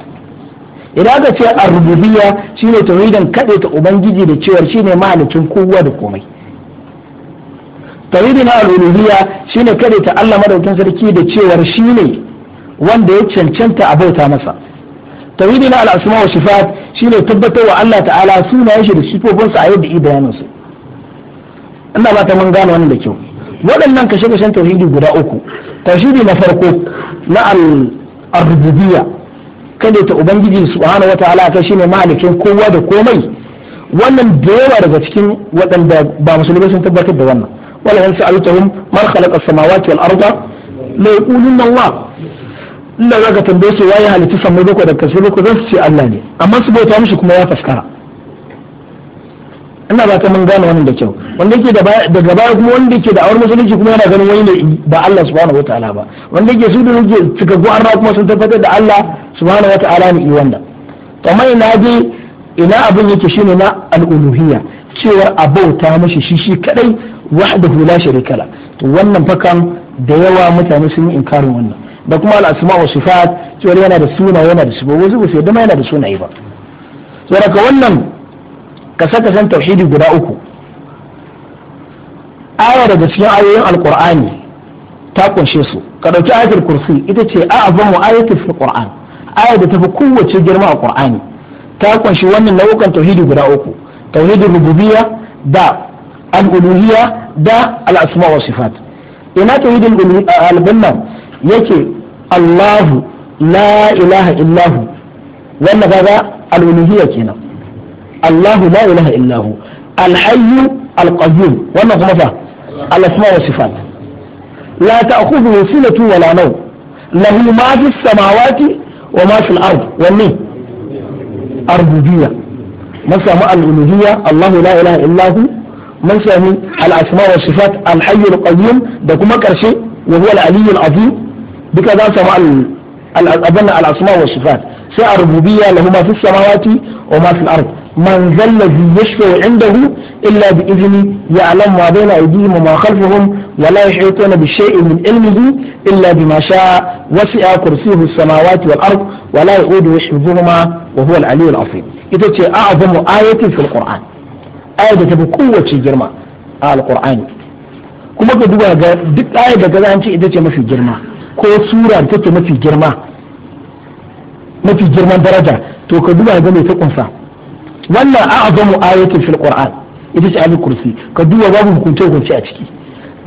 idan aka ce al-rububiyya shine tauhidin kade ta ubangiji da cewa shine mahalicin kowa da komai tauhidi na shi shine kada ta Allah madaukakin sarki da cewar shine wanda ya cancanta a bauta masa tauhidi na al'asma wa sifat shine tabbatar wa Allah ta'ala sunayen shi da sifofinsa a yadda ibayanin su ina ba ta mun gane wannan da kyau waɗannan kashe-kashen tauhidi guda uku tauhidi na farko na al-rububiyya kada ta ubangiji subhanahu wataala kai shine malikin kowa da komai wannan da yawa daga cikin waɗanda ba musulmai sun tabbatar da wannan wala in sa'altahum man khalaqa as-samawati wal arda la yaquluna Allah inda zaka tambaye su waye halitta sammai bakwai da kasai bakwai zan ce Allah ne amma su bauta mishi kuma ya faskara ina ba mun gane wannan da kyau wanda yake daga baya kuma wanda ke da awar musulunci kuma yana ganin wani ne ba Allah subhanahu wataala ba wanda yake su da yake cikakku an kuma sun tabbatar da Allah ala na ne wanda ina abin yake shine na al'uluhiyya Cewar a bauta mashi shi shi kadai wahdahu la sharika to wannan fakan da yawa mutane sun yi inkarin wannan da kuma al'asma wa sifat yana da suna yana da shigo, wasu basu yadda ma yana da sunaye ba daga wannan kasa kasan tauhidi guda uku aya daga cikin ayoyin alqur'ani ta kunshe su ka dauki ayatul kursi ita ce a azamu ayatul fil qur'an aya da tafi kowace girma a qur'ani ta kunshi wannan nau'ukan tauhidi guda uku توحيد الربوبية دا الألوهية دا الأسماء والصفات إنا توحيد البنا يكي الله لا إله إلا هو ولا هذا الألوهية كنا الله لا إله إلا هو الحي القيوم ولا هذا الأسماء والصفات لا تأخذه سنة ولا نوم له ما في السماوات وما في الأرض والمين الربوبيه mun samu al-uluhiyya Allahu la ilaha illa hu mun samu al-asma wa da kuma karshe wa huwa al-aliy al-azim duka za samu al-abana al-asma wa sifat sai a rububiyya lahu ma fi samawati wa ma fi al illa bi idni ya'lam ma bayna aydihim wa ma khalfahum ولا يحيطون بشيء من علمه إلا بما شاء وسع كرسيه السماوات والأرض ولا يؤود يحفظهما وهو العلي العظيم ita ce a'azamu ayatin fil qur'an ayar da tafi kowace girma a alqur'ani kuma ka duba ga duk ayar da gaza an ce ita ce mafi girma ko sura da take mafi girma mafi girman daraja to ka duba ga mai ta kunsa wannan a'azamu ayatin fil qur'an ita ce ayatul kursi ka duba babu hukunce hukunce a ciki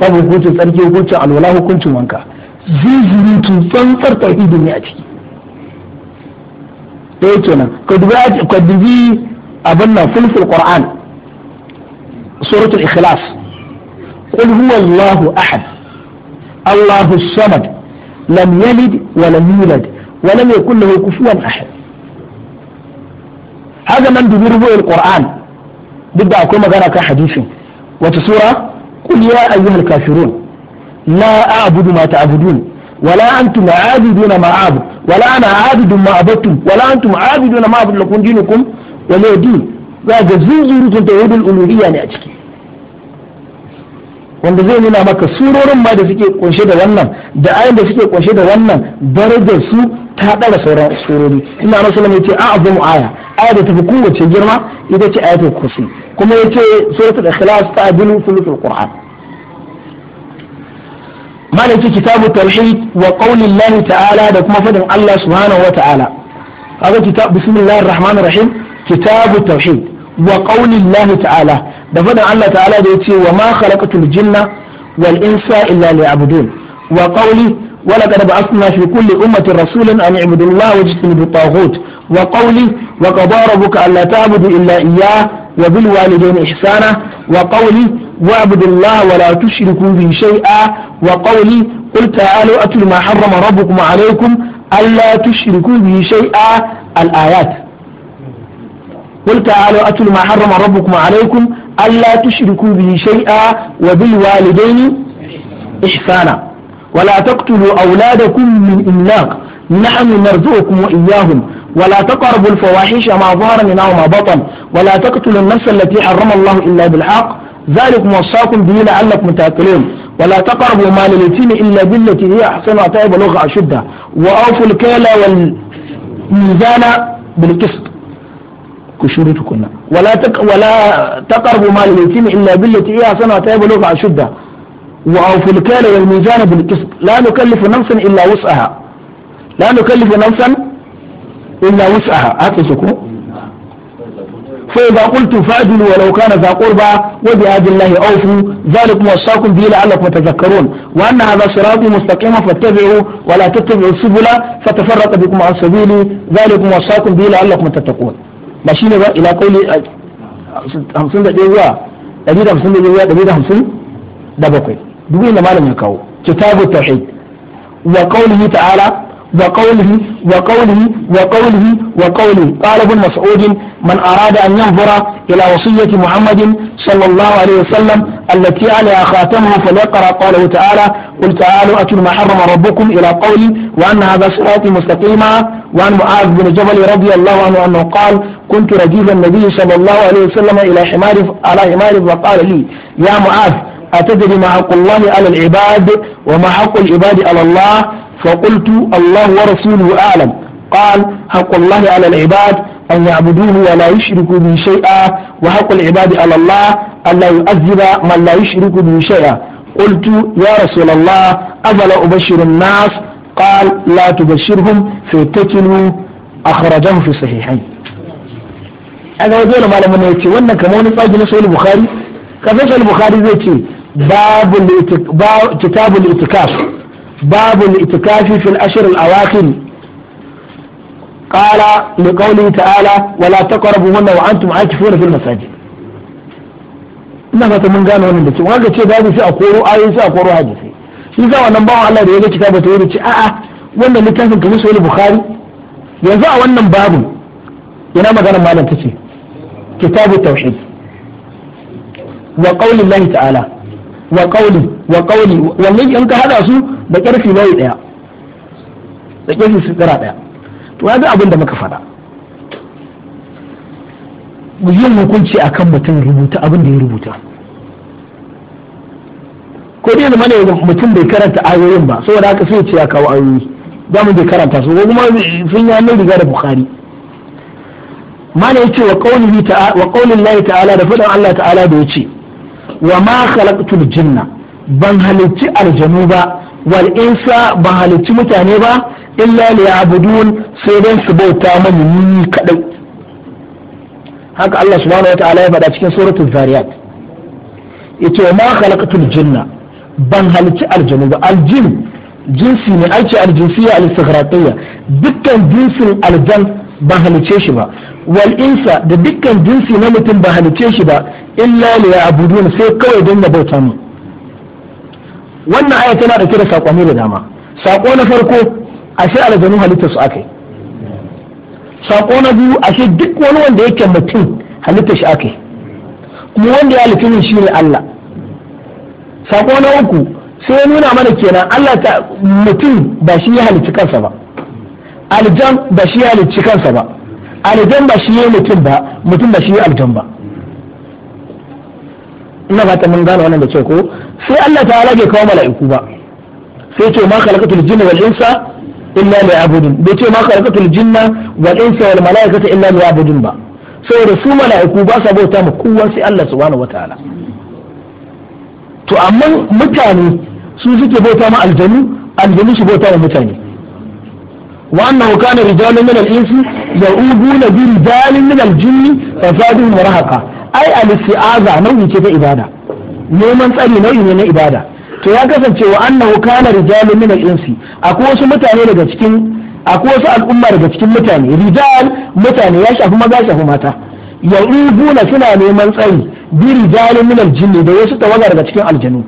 babu hukuncin tsarki hukuncin alwala hukuncin wanka zuzurutun tsantsar tauhidi ne a ciki da yake nan ka dubi abin nan fulful ƙwar'an suratul قل هو الله أحد الله الصمد لم يلد ولم يولد ولم يكن له كفوا أحد هذا من دبير القرآن بدأ أقول مغانا كحديث وتسورة قل يا أيها الكافرون لا أعبد ما تعبدون ولا أنتم عابدون ما أعبد wala ana abidun ma abattum wala antum abidun ma abudu lakum dinukum wa la din za ga zunzurutun ne a ciki wanda zai nuna maka surorin ma da suke kunshe da wannan da ayin da suke kunshe da wannan darajar su ta haɗara sauran surori ina rasu ya ce a abu aya aya da tafi kowace girma ita ce ayatul kursi kuma yace suratul ikhlas ta abilu sulutul qur'an malaki kitabu tauhid wa qaulin ta'ala da kuma fadin Allah subhanahu wa ta'ala kaga kitab bismillahir rahmanir rahim kitabu tauhid wa qaulin ta'ala da fadin Allah ta'ala da yace wa ma khalaqatul jinna wal insa illa liya'budun wa qauli ولقد بعثنا في كل أمة رسولا أن اعبدوا الله واجتنبوا الطاغوت وقولي وقضى ربك ألا تعبدوا إلا إياه وبالوالدين إحسانا وقولي واعبد الله ولا تشركوا به شيئا وقولي قل تعالوا أتل ما حرم ربكم عليكم ألا تشركوا به شيئا الآيات قل تعالوا أتل ما حرم ربكم عليكم ألا تشركوا به شيئا وبالوالدين إحسانا ولا تقتلوا أولادكم من إملاق نحن نرزقكم وإياهم ولا تقربوا الفواحش ما ظهر منها وما بطن ولا تقتلوا النفس التي حرم الله إلا بالحق ذلك وصاكم به لعلكم تاكلون ولا تقربوا مال اليتيم إلا بالتي هي أحسن حتى يبلغ أشده وأوفوا الكيل والميزان بالقسط كشروطكن ولا تق... ولا تقربوا مال اليتيم إلا بالتي هي أحسن حتى يبلغ أشده وأوفوا الكيل والميزان بالقسط لا نكلف نفسا إلا وسعها لا نكلف نفسا إلا وسعها هكذا fa idza qultu fa'dil wa law kana za qurba wa bi ajli llahi awfu dhalikum wasaqu bi la'allakum tadhakkarun wa anna hadha sirati mustaqima fattabi'u wa la tattabi'u subula fatafarraqu bikum an sabili dhalikum wasaqu bi la'allakum tattaqun ba shine ba ila qawli 50 da jiwa 150 da jiwa 150 da bakwai duk inda malamin kawo kitabut tauhid wa qawlihi ta'ala وقوله وقوله وقوله وقوله قال ابن مسعود من أراد أن ينظر إلى وصية محمد صلى الله عليه وسلم التي عليها خاتمه فليقرأ قوله تعالى قل تعالوا أتوا ما حرم ربكم إلى قولي وأن هذا صراطي مستقيما وعن معاذ بن جبل رضي الله عنه أنه قال كنت رديف النبي صلى الله عليه وسلم إلى حمار على حمار فقال لي يا معاذ أتدري ما حق الله على العباد وما حق العباد على الله فقلت الله ورسوله أعلم قال حق الله على العباد أن يعبدوه ولا يشركوا به شيئا وحق العباد على الله أن لا يؤذب من لا يشرك به شيئا قلت يا رسول الله أفلا أبشر الناس قال لا تبشرهم فيتكلوا أخرجه في الصحيحين أنا وجه لما لما يتي وانا كمان فاجي نسوي البخاري كفاش البخاري ذي باب الاتك... كتاب الاتكاف باب الاعتكاف في الأشهر الأواخر قال لقوله تعالى ولا تقربوهن وأنتم عاكفون في المساجد ina fata mun gane wannan da ce wanda ce babu sai a koro ayoyi sai a koro hadisi shi za wannan bawan Allah da ya ga kitabu ta yi ce a'a wannan littafin kamar sahih bukhari yanzu a wannan babu yana magana malam tace kitabu tauhid wa qauli Allah ta'ala wa kauli wa kauli wannan in ka hada su da karfi bai daya da karfi su tsira daya to ya ga abin da muka fada yin hukunci akan mutum rubuta abin da ya rubuta ko dai zama ne mutum bai karanta ayoyin ba saboda haka sai ya ce ya kawo ayoyi da mu bai karanta su ko kuma sun ya nan riga da bukhari mana yace wa qaulihi ta'ala wa qaulin Allah ta'ala da fadan Allah ta'ala da yace wa ma khalaqtul jinna ban halicci aljanu ba wal insa ban halicci mutane ba illa liya'budun sai dan su bauta mani ni kadai haka Allah subhanahu wataala ya faɗa cikin suratul zariyat yace wa ma khalaqtul jinna ban halicci aljanu ba aljin jinsi ne ai ce aljinsiya al-istighraqiyya dukkan jinsin aljan ba halice shi ba wal insa da dukkan jinsi na mutum ba halice shi ba illa li ya'budun sai kawai don ya bauta mu wannan aya tana da kira sakonni da dama sako na farko ashe aljanu halitta su akai sako na biyu ashe duk wani wanda yake mutum halitta shi akai kuma wanda ya halitta shi ne Allah sako na uku sai nuna mana kenan Allah ta mutum ba shi ya halitta kansa ba aljan ba shi ya halicci kansa ba aljan ba shi ya mutum ba mutum ba shi ya aljan ba ina ba fata mun gane wannan da ce ko sai Allah ta'ala bai kawo mala'iku ba sai ce ma khalaqatul jinna wal insa illa liya'budun bai ce ma khalaqatul jinna wal insa wal mala'ikata illa liya'budun ba saboda su mala'iku ba sa bauta ma kowa sai Allah subhanahu wataala to amma mutane su suke bauta ma aljanu aljanu su bauta ma mutane وأنه كان رجال من الإنس يعودون برجال من الجن فزادهم مرهقا أي الاستعاذة نوعي كده إبادة neman tsari nau'i ne na ibada to ya kasance wa annahu kana rijalun min al-insi mutane daga cikin akwai wasu al'umma daga cikin mutane rijal mutane ya shafi maza shafi mata ya'uduna suna neman tsari bi jinni da wasu tawaga daga cikin aljanu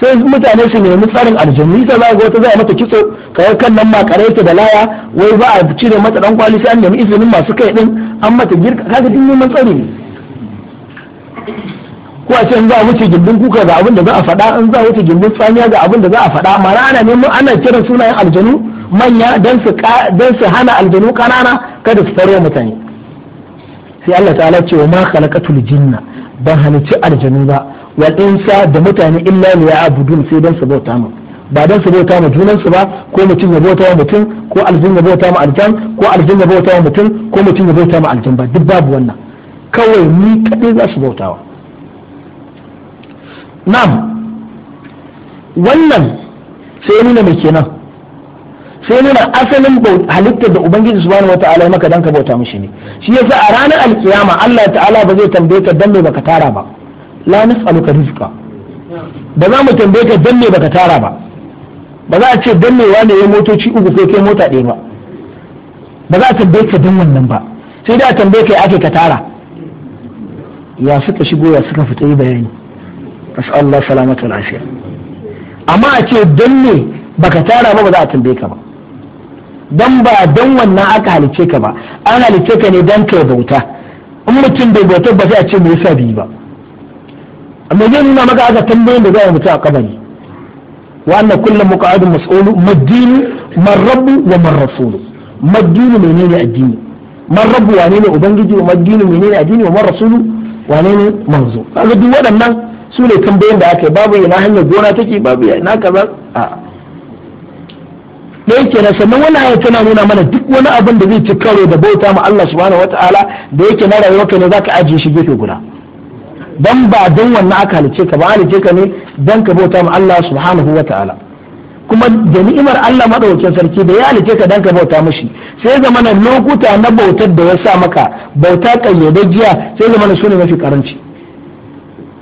sai mutane su nemi tsarin aljanu ita za ga wata za a mata kitso kawai kan nan makarai ta da laya wai ba a cire mata dan kwali sai an nemi izinin masu kai ɗin an mata girka kaga din neman tsari ne ko a ce in za a wuce gindin kuka ga abin da za a faɗa in za a wuce gindin tsaniya ga abin da za a faɗa mara ana neman ana kiran sunayen aljanu manya don su dan su hana aljanu kanana kada su tare mutane sai Allah ta'ala ce wa ma khalaqatul jinna ban halici aljanu ba wal da mutane illa li ya'budun sai dan su bauta mu ba dan su bauta ma junan su ba ko mutum ya bauta wa mutum ko aljin ya bauta ma aljan ko aljin ya bauta wa mutum ko mutum ya bauta ma aljan ba duk babu wannan kawai ni kadai za su bauta wa. na'am wannan sai nuna mai kenan sai nuna asalin halittar da ubangiji subhanahu wataala ya maka dan ka bauta mishi ne shi yasa a ranar alkiyama Allah ta'ala ba zai tambaye ka dan me baka tara ba la nas'aluka rizqa ba za mu tambaye ka dan me baka tara ba ba za a ce dan me wane ya motoci uku ko kai mota ɗaya ba ba za a tambaye ka dan wannan ba sai dai a tambaye ka ake ka tara ya suka shigo ya suka fita yi bayani as'al Allah salamata lafiya amma a ce dan me baka tara ba ba za a tambaye ka ba dan ba dan wannan aka halice ka ba an halice ka ne dan kai bauta in mutum bai bauta ba sai a ce me yasa bi ba amma yin nuna maka aka tambayin da za a mutu a kabari wa annan kullum muqa'adun mas'ulu maddini marrabu wa marrasulu madini menene addini marrabu wane ne ubangiji wa madini menene addini wa marrasulu wane ne manzo kaga duk waɗannan su ne tambayin da aka yi babu yana hanyar gona take babu ina kaza a ɗaya na sannan wani ayat tana nuna mana duk wani abin da zai ci karo da bauta ma Allah subhanahu wataala da yake na rayuwarka ne zaka ajiye shi gefe guda dan ba dan wannan aka halice ka ba halice ka ne dan ka bauta ma Allah subhanahu wa ta'ala kuma da ni'imar Allah madaukakin sarki da ya halice ka dan ka bauta mishi sai zamanin lokuta na bautar da ya sa maka bauta jiya sai zamanin sune mafi karanci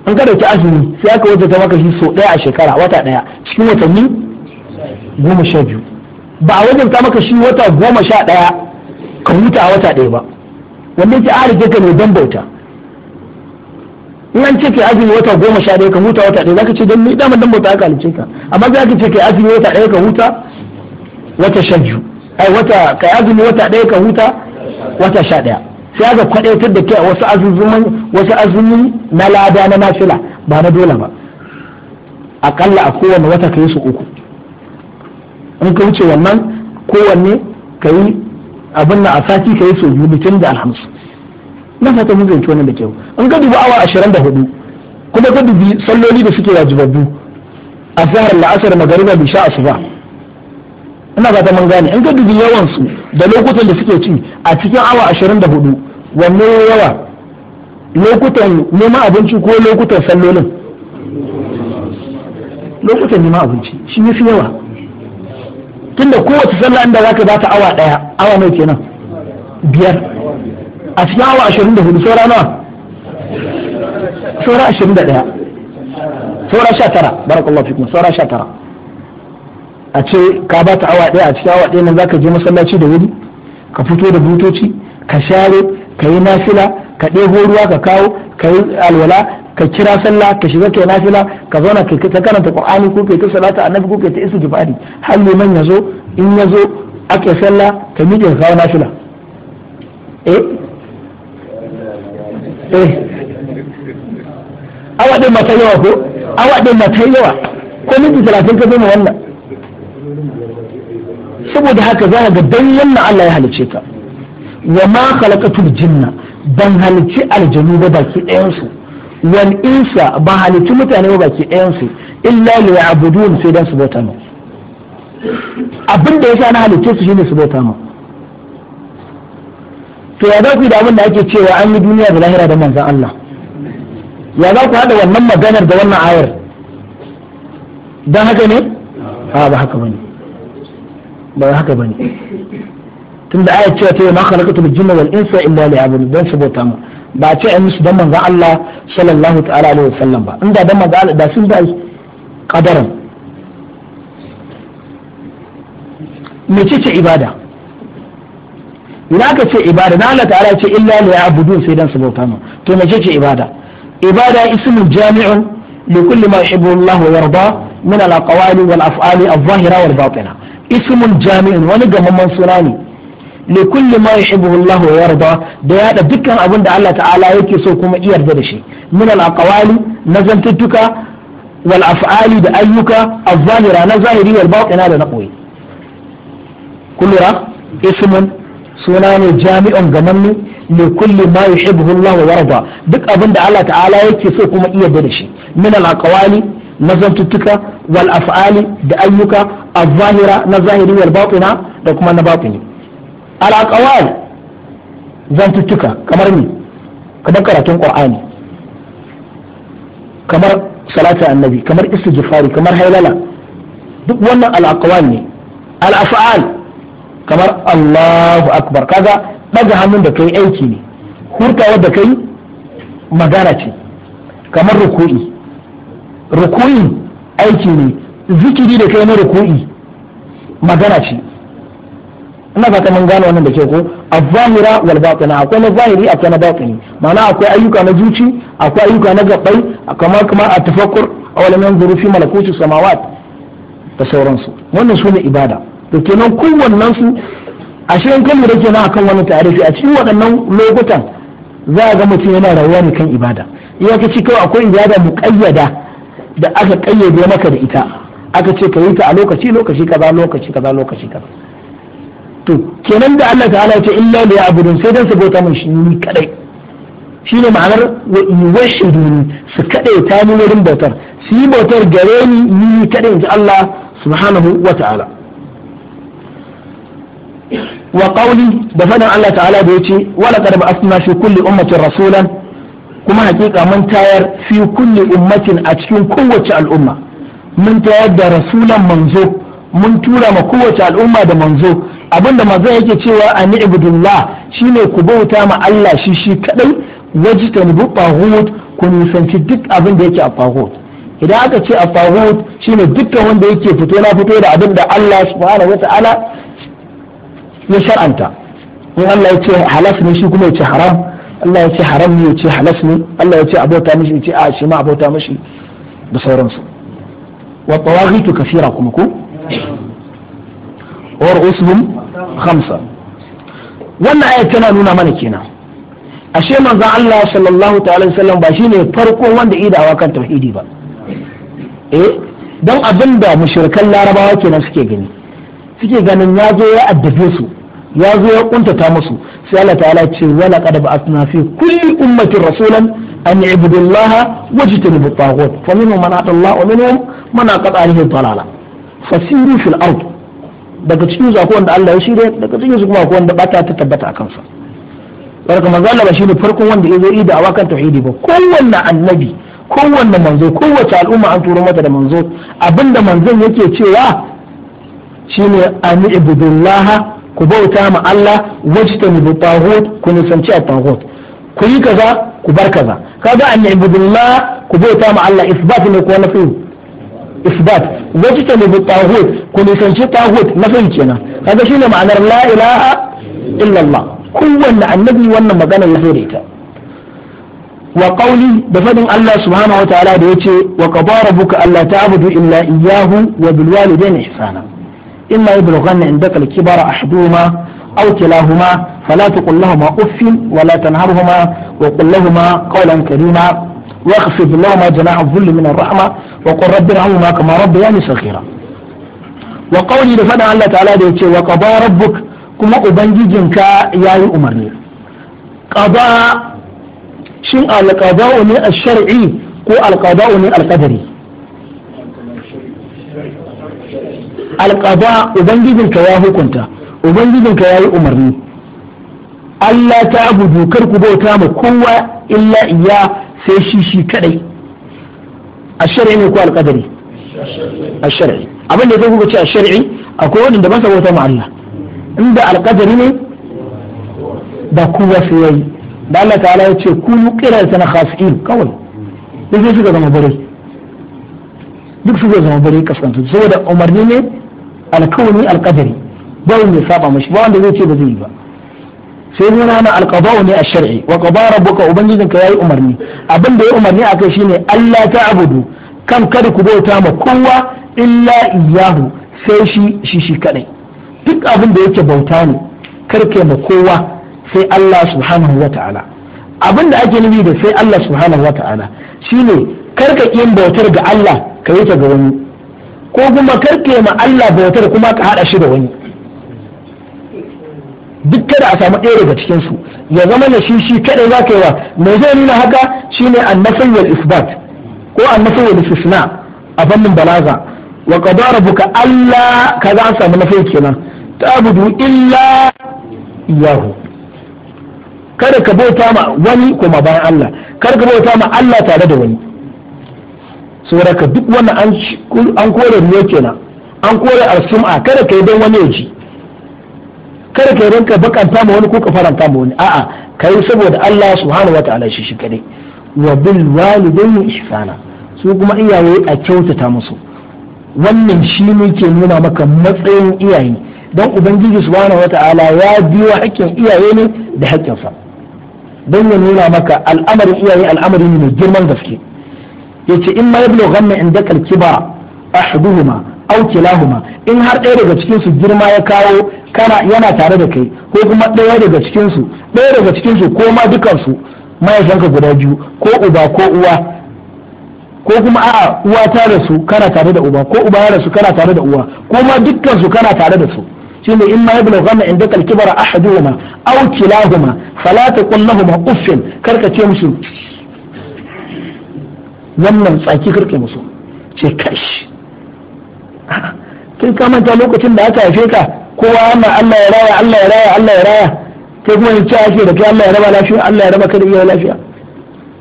an ka dauki azumi sai aka wajata maka shi sau daya a shekara wata daya cikin watanni goma sha biyu ba a wajenta maka shi wata goma sha daya ka huta a wata daya ba wanda yake a halice ka ne dan bauta in an ce kai azumi wata goma sha ɗaya ka huta wata ɗaya zaka ce don ni dama dan bauta aka halice ka amma za ka ce kai azumi wata ɗaya ka huta wata sha biyu ai wata kai azumi wata ɗaya ka huta wata sha ɗaya sai aka kwadaitar da kai wasu azuzuman wasu azumi na lada na nafila ba na dole ba akalla a kowane wata ka yi su uku in ka wuce wannan kowanne ka yi abin na a sati ka yi su biyu litinin da alhamsu na fata mun fahimci wannan da kyau an ka dubi awa 24 kuma ka dubi salloli da suke wajibabbu a zahar la'asar magariba bi sha asuba ina fata mun gane an ka dubi yawan su da lokutan da suke ci a cikin awa 24 wanne yawa lokutan neman abinci ko lokutan sallolin lokutan neman abinci shi ne fi yawa tunda kowace sallah inda zaka ba ta awa daya awa mai kenan biyar a cikin awa ashirin da hudu saura nawa saura ashirin da ɗaya saura sha tara barakallahu fikum saura sha tara a ce ka ba ta awa ɗaya a cikin awa ɗaya nan za ka je masallaci da wuri ka fito da butoci ka share ka yi nafila ka ɗebo ruwa ka kawo ka yi alwala ka kira sallah ka shiga kai nafila ka zauna ka ta karanta qur'ani ko kai ta salata annabi ko kai ta istighfari har liman yazo in yazo ake sallah ka miƙe ka kawo nafila eh Eh. awa din mata yawa ko awa din mata yawa ko minti talatin ka zama wannan saboda haka za ga dan wannan Allah ya halice ka wa ma khalaqatul jinna ban halici aljanu ba baki ɗayan su wal insa ba halici mutane ba baki ɗayan su illa ya'budun sai dan su bauta mu abin da yasa na halice su shine su bauta mu to ya za ku yi da abin da ake cewa an yi duniya da lahira da manzan Allah ya za ku haɗa wannan maganar da wannan ayar don haka ne a ba haka bane ba haka bane tun da ayar cewa ta yi maka lakatul jinna wal insa illa liya'budun don su bauta mu ba a ce an musu don manzan Allah sallallahu ta'ala alaihi wasallam ba inda don manzan Allah da sun da kadaran mece ce ibada na ka ce ibada na Allah ta'ala ce illa li ya'budun sai dan su bauta mu to me ce ibada ibada ismun jami'un li kulli ma yuhibbu Allah wa yarda min al-aqwali wal af'ali adh-dhahira wal batina ismun jami'un wani gamamman suna ne li kulli ma yuhibbu Allah wa yarda da ya da dukkan abin da Allah ta'ala yake so kuma iyarda da shi min al-aqwali na zantuttuka wal af'ali da ayyuka adh-dhahira na zahiri wal batina da na koyi kullura ismun suna ne jami'an gamanni ne kulli ma yuhibbu Allah wa yarda duk abin da Allah ta'ala yake so kuma iya da shi min al aqwali na zantuttuka wal af'ali da ayyuka az-zahira na zahiri wal batina da kuma na batini al aqwal zantuttuka kamar ni kamar karatun qur'ani kamar salatu annabi kamar istighfari kamar haylala duk wannan al aqwal ne al af'al kamar Allahu akbar kaga daga hannun da kai aiki ne hurtawa da kai magana ce kamar ruku'i ruku'i aiki ne zikiri da kai na ruku'i magana ce ina fata mun gane wannan da ke ko az-zahira wal batina akwai na zahiri akwai na batini ma'ana akwai ayyuka na zuci akwai ayyuka na gabbai kamar kuma a tafakkur awalan yanzuru fi malakuti samawat da sauransu wannan sune ibada to kenan kowannen su ashe in kan lura kenan akan wani tarihi a cikin waɗannan lokutan za a ga mutum yana rayuwa ne kan ibada iya ka ci kawai akwai ibada muƙayyada da aka ƙayyade maka da ita aka ce ka yi ta a lokaci lokaci kaza lokaci kaza lokaci kaza to kenan da Allah ta'ala ya ce illa li ya'budun sai dan su bauta min shi ni kadai shine ma'anar wa yuwashiduni su kadai ta ni wurin bautar su yi bautar gare ni ni kadai ji Allah subhanahu wa ta'ala wa qawli da faɗin Allah ta'ala da ya ce wala qad ba'athna fi kulle ummatin rasulan kuma hakika mun tayar fi kulli ummatin a cikin kowace al'umma mun tayar da rasulan manzo mun tura ma kowace al'umma da manzo abinda manzo yake cewa ani shi shine ku bauta ma Allah shi shi kadai wajtani bu fahud ku nisanci duk abin da yake a fahud idan aka ce a fahud shine dukkan wanda yake fito na fito da abin da Allah subhanahu wataala ya shar'anta in Allah ya ce halas ne shi kuma ya ce haram Allah ya ce haram ne ya ce halas ne Allah ya ce abota mishi ya ce a shi ma abota mishi da sauransu wa tawaghitu kasira kuma ko wa rusulun khamsa wannan ayat tana nuna mana kenan ashe manzon Allah sallallahu ta'ala wasallam ba shine farko wanda idawa kan tauhidi ba eh Dan abinda mushrikan larabawa kenan suke gani suke ganin ya zo ya addabe su ya zo ya kuntata musu sai Allah ta'ala ce wala qad ba'athna fi kulli ummatin rasulan an ibudu Allah wajtanibu taghut fa minhum man ata Allah wa minhum man aqata alayhi dalala fasiru fil ard daga cikin zaku wanda Allah ya shirya daga cikin su kuma wanda bata ta tabbata a kansa barka manzo Allah ba shine farkon wanda yazo yi da'awa kan tauhidi ba kowanne annabi kowanne manzo kowace al'umma an turo mata da manzo abinda manzon yake cewa shine an ibudu Allah ku bauta ma Allah wajtanibu taghut ku nisanci a taghut ku yi kaza ku bar kaza kaga an ibudullah ku bauta ma Allah isbat ne ko nafi isbat wajtanibu taghut ku nisanci na nafi kenan kaga shine ma'anar la ilaha illa Allah kowanne annabi wannan magana ya zo da wa qawli da fadin Allah subhanahu wa ta'ala da yace wa qadara rabbuka alla ta'budu illa iyyahu wa bil walidayni ihsana إما يبلغن عندك الكبر أحدهما أو كلاهما فلا تقل لهما أف ولا تنهرهما وقل لهما قولا كريما واخفض لهما جناح الذل من الرحمة وقل رب ارحمهما كما ربياني صغيرا وقولي لفدا الله تعالى ديتي وقضى ربك كما أبنجيجنك ياي أمرني قضاء شن القضاء الشرعي ko alƙada'u ne alƙadari alƙada ubangijinka ya hukunta ubangijinka ya yi umarni Allah ta abu kar ku bauta ma kowa illa iya sai shi shi kadai a shari'i ne ko alƙadari a shari'i abinda ya kuka ce a shari'i akwai waɗanda ba sa bauta ma Allah inda alƙadari ne da kowa sai yayi da Allah ta'ala ya ce ku kira sana khasir kawai duk sai suka zama bare duk ga zama bare kaskanta saboda umarni ne alkawuni alkadari ba mai saba mashi ba wanda zai ce ba zai yi ba sai nuna na alqada'u ne a shari wa ubangijin ka ya yi umarni abin da ya umarni akai shine Allah ta abudu kan kada ku bauta ma kowa illa iyyahu sai shi shi shi kadai duk abin da yake bauta ne karke ma kowa sai Allah subhanahu wata'ala abin da ake nufi da sai Allah subhanahu wata'ala shine karka yin bautar ga Allah ka yi ta ga wani ko kuma karke ma Allah bautar kuma ka haɗa shi da wani duk kada a samu ɗaya daga cikin su ya zama na shi shi kada za ka yi wa mai zai nuna haka shine annafin wal isbat ko annafin wal istisna a fannin balaga wa qadara buka Allah kaza an samu nafai kenan ta'budu illa yahu kada ka bauta ma wani kuma bayan Allah kada ka bauta ma Allah tare da wani saboda duk wannan an kore ne kenan an kore al-sum'a kada kai don wani ya ji kada ka rinka bakanta ma wani ko ka faranta ma wani a'a kai saboda Allah subhanahu wa ta'ala shi shi kadai wa bil walidayni ihsana su kuma iyaye a kyautata musu wannan shi ne ke nuna maka matsayin iyaye Don ubangiji subhanahu wa ta'ala ya biyo hakkin iyaye ne da hakkin sa Don ya nuna maka al'amarin iyaye al'amari ne mai girman gaske yace in ma yablughanna indaka al-kibara ahaduhuma aw kilahuma in har ɗaya daga cikin su girma ya kawo kana yana tare da kai ko kuma ɗaya daga cikin su ɗaya daga cikin su ko ma dukan su mahaifanka guda biyu ko uba ko uwa ko kuma a'a uwa ta rasu kana tare da uba ko uba ya rasu kana tare da uwa ko ma dukkan su kana tare da su shine in ma yablughanna indaka al-kibara ahaduhuma aw kilahuma fala taqul lahumu uffin karka ce musu wannan tsaki karke musu ce kashi kai ka manta lokacin da aka haife ka kowa ma Allah ya raya Allah ya raya Allah ya raya kai kuma in ce ake da kai Allah ya raba lafiya Allah ya raba kada da iya lafiya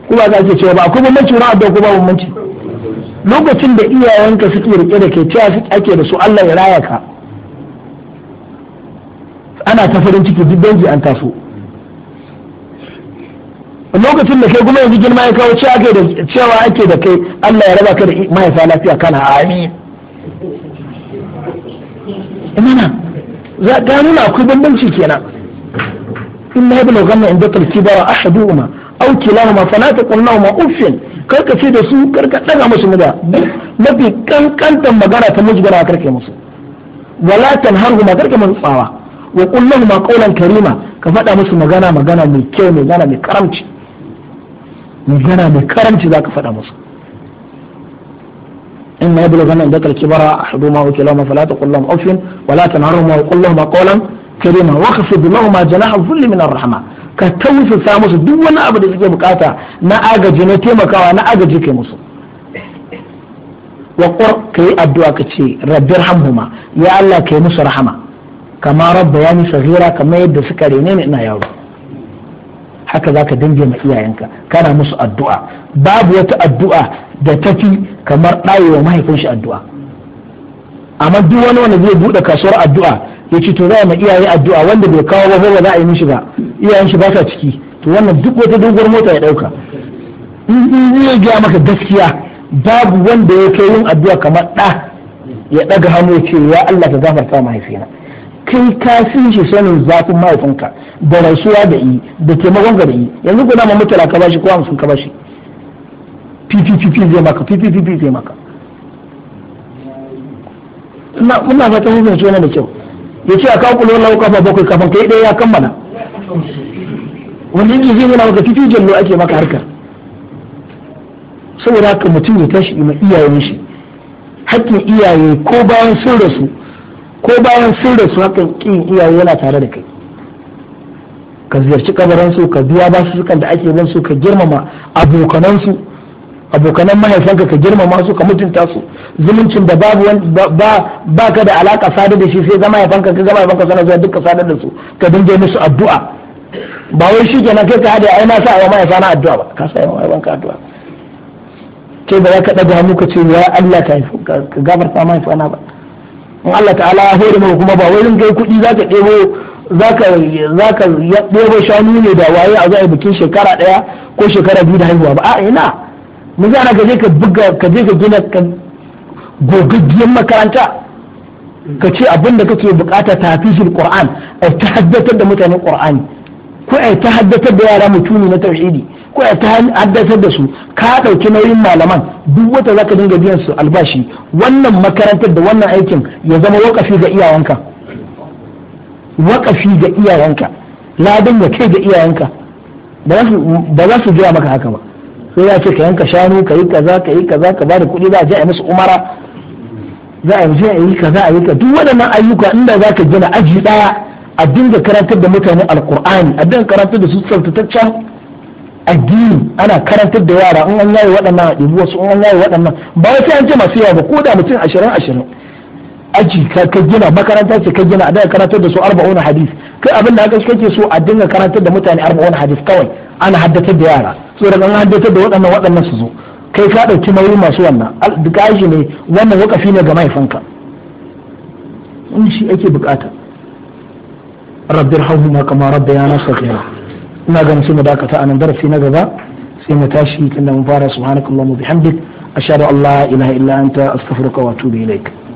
kuma za ake cewa ba akwai bambanci na addu'a ko ba bambanci lokacin da iyayenka suke rike da kai cewa ake da su Allah ya raya ka ana ta farin ciki duk dangi an taso lokacin da kai kuma yanzu girma ya kawo cewa ake da kai Allah ya raba ka da mahaifa lafiya kana amin imana za ga nuna akwai bambanci kenan in na yabi logan in da tarki ba auki aw fana ta taqul lahuma uffin karka ce da su karka ɗaga musu muda mafi kankantar magana ta musgara karka musu Walatan har kuma karka musu tsawa wa qul ma ƙaunar karima ka faɗa musu magana magana mai kyau mai gana mai karamci magana mai karanci zaka faɗa musu in ma yabulu zanna dakal kibara ahaduma wa kilama fala taqul lahum uff wa la tanharhum wa qul lahum qawlan karima wa lahum janaha min ar-rahma ka musu duk wani abu da suke bukata na agaji na taimakawa na agaji kai musu wa qur kai addu'a kace rabbirhamhuma ya Allah kai musu rahama kama rabbayani saghira kamar yadda suka rene ni ina yaro haka zaka dinga ma iyayenka kana musu addu'a babu wata addu'a da tafi kamar ɗayewa mahaifin shi addu'a amma duk wani wanda zai buɗe kasuwar addu'a ya ce to za ma iyaye addu'a wanda bai kawo ba ba za a yi mishi ba iyayen shi ba ta ciki to wannan duk wata doguwar mota ya ɗauka in gaya maka gaskiya babu wanda ya kai yin addu'a kamar ɗa ya ɗaga hannu ya ce ya Allah ka gafarta mahaifina kai ka sun shi sanin zafin mahaifinka da rasuwa da yi da taimakon ka da yi yanzu ko ma mutala ka bashi ko hamsin ka bashi ppp zai maka ppp zai maka ina fata mun fahimci da kyau ya ce a kawo kulon kafa bakwai kafin kai ɗaya ya kammala wani yake zai nuna maka fifi jallo ake maka harkar saboda haka mutum ya tashi ima iyayen shi hakkin iyaye ko bayan sun rasu ko bayan sun rasu hakan kin iyaye yana tare da kai ka ziyarci su ka biya basu sukan da ake su ka girmama su abokanan mahaifanka ka girmama su ka mutunta su zumuncin da babu ba ba ka da alaka sada da shi sai zama mahaifanka ka zama mahaifanka sana zuwa duka sada da su ka dinga musu addu'a ba wai shi kenan kai ka hada ai na sa wa mahaifa na addu'a ba ka sa wa mahaifanka addu'a kai ba za ka daga hannu ka ce ya Allah ka gafarta mahaifana ba in Allah ta'ala ya hore maka kuma ba wai gai kuɗi zaka ɗebo ɗebo shanu ne da waye a zai bikin shekara ɗaya ko shekara biyu da haihuwa ba a ina mun zana ka je ka buga ka je ka gina ka gogaggiyar makaranta ka ce abin da kake bukata tafisir qur'an ai ta haddatar da mutanen qur'ani ko ai ta haddatar da yara mutumi na tauhidi ko ya ta haddatar da su ka ɗauki nauyin malaman duk wata zaka dinga biyan su albashi wannan makarantar da wannan aikin ya zama wakafi ga iyayenka wakafi ga iyayenka ladan ya kai ga iyayenka ba za su jira maka haka ba sai ya ce ka yanka shanu ka yi kaza ka yi kaza ka bada kuɗi za a je a musu umara za a je a yi kaza a yi ka duk waɗannan ayyuka inda za ka gina aji ɗaya a dinga karantar da mutane alkur'ani a dinga karantar da su tsaftataccen addini ana karantar da yara in an yaye waɗannan a ɗibu wasu in an yaye waɗannan ba wasu sai an ce masu yawa ba ko da mutum ashirin ashirin aji ka gina makaranta ce ka gina a daga karantar da su arba'una hadis kai abin da haka kake so a dinga karantar da mutane arba'una hadis kawai ana haddatar da yara so daga an haddatar da waɗannan waɗannan su zo kai ka ɗauki nauyin masu wannan duka aji ne wannan wakafi ne ga mahaifanka in shi ake bukata rabbir hauhuma kama rabbayana saghira ina ganin sai mu dakata a nan darasi na gaba sai mu tashi tunda mu fara subhanakallahumma bihamdik ashhadu an la ilaha illa anta astaghfiruka wa atubu ilaik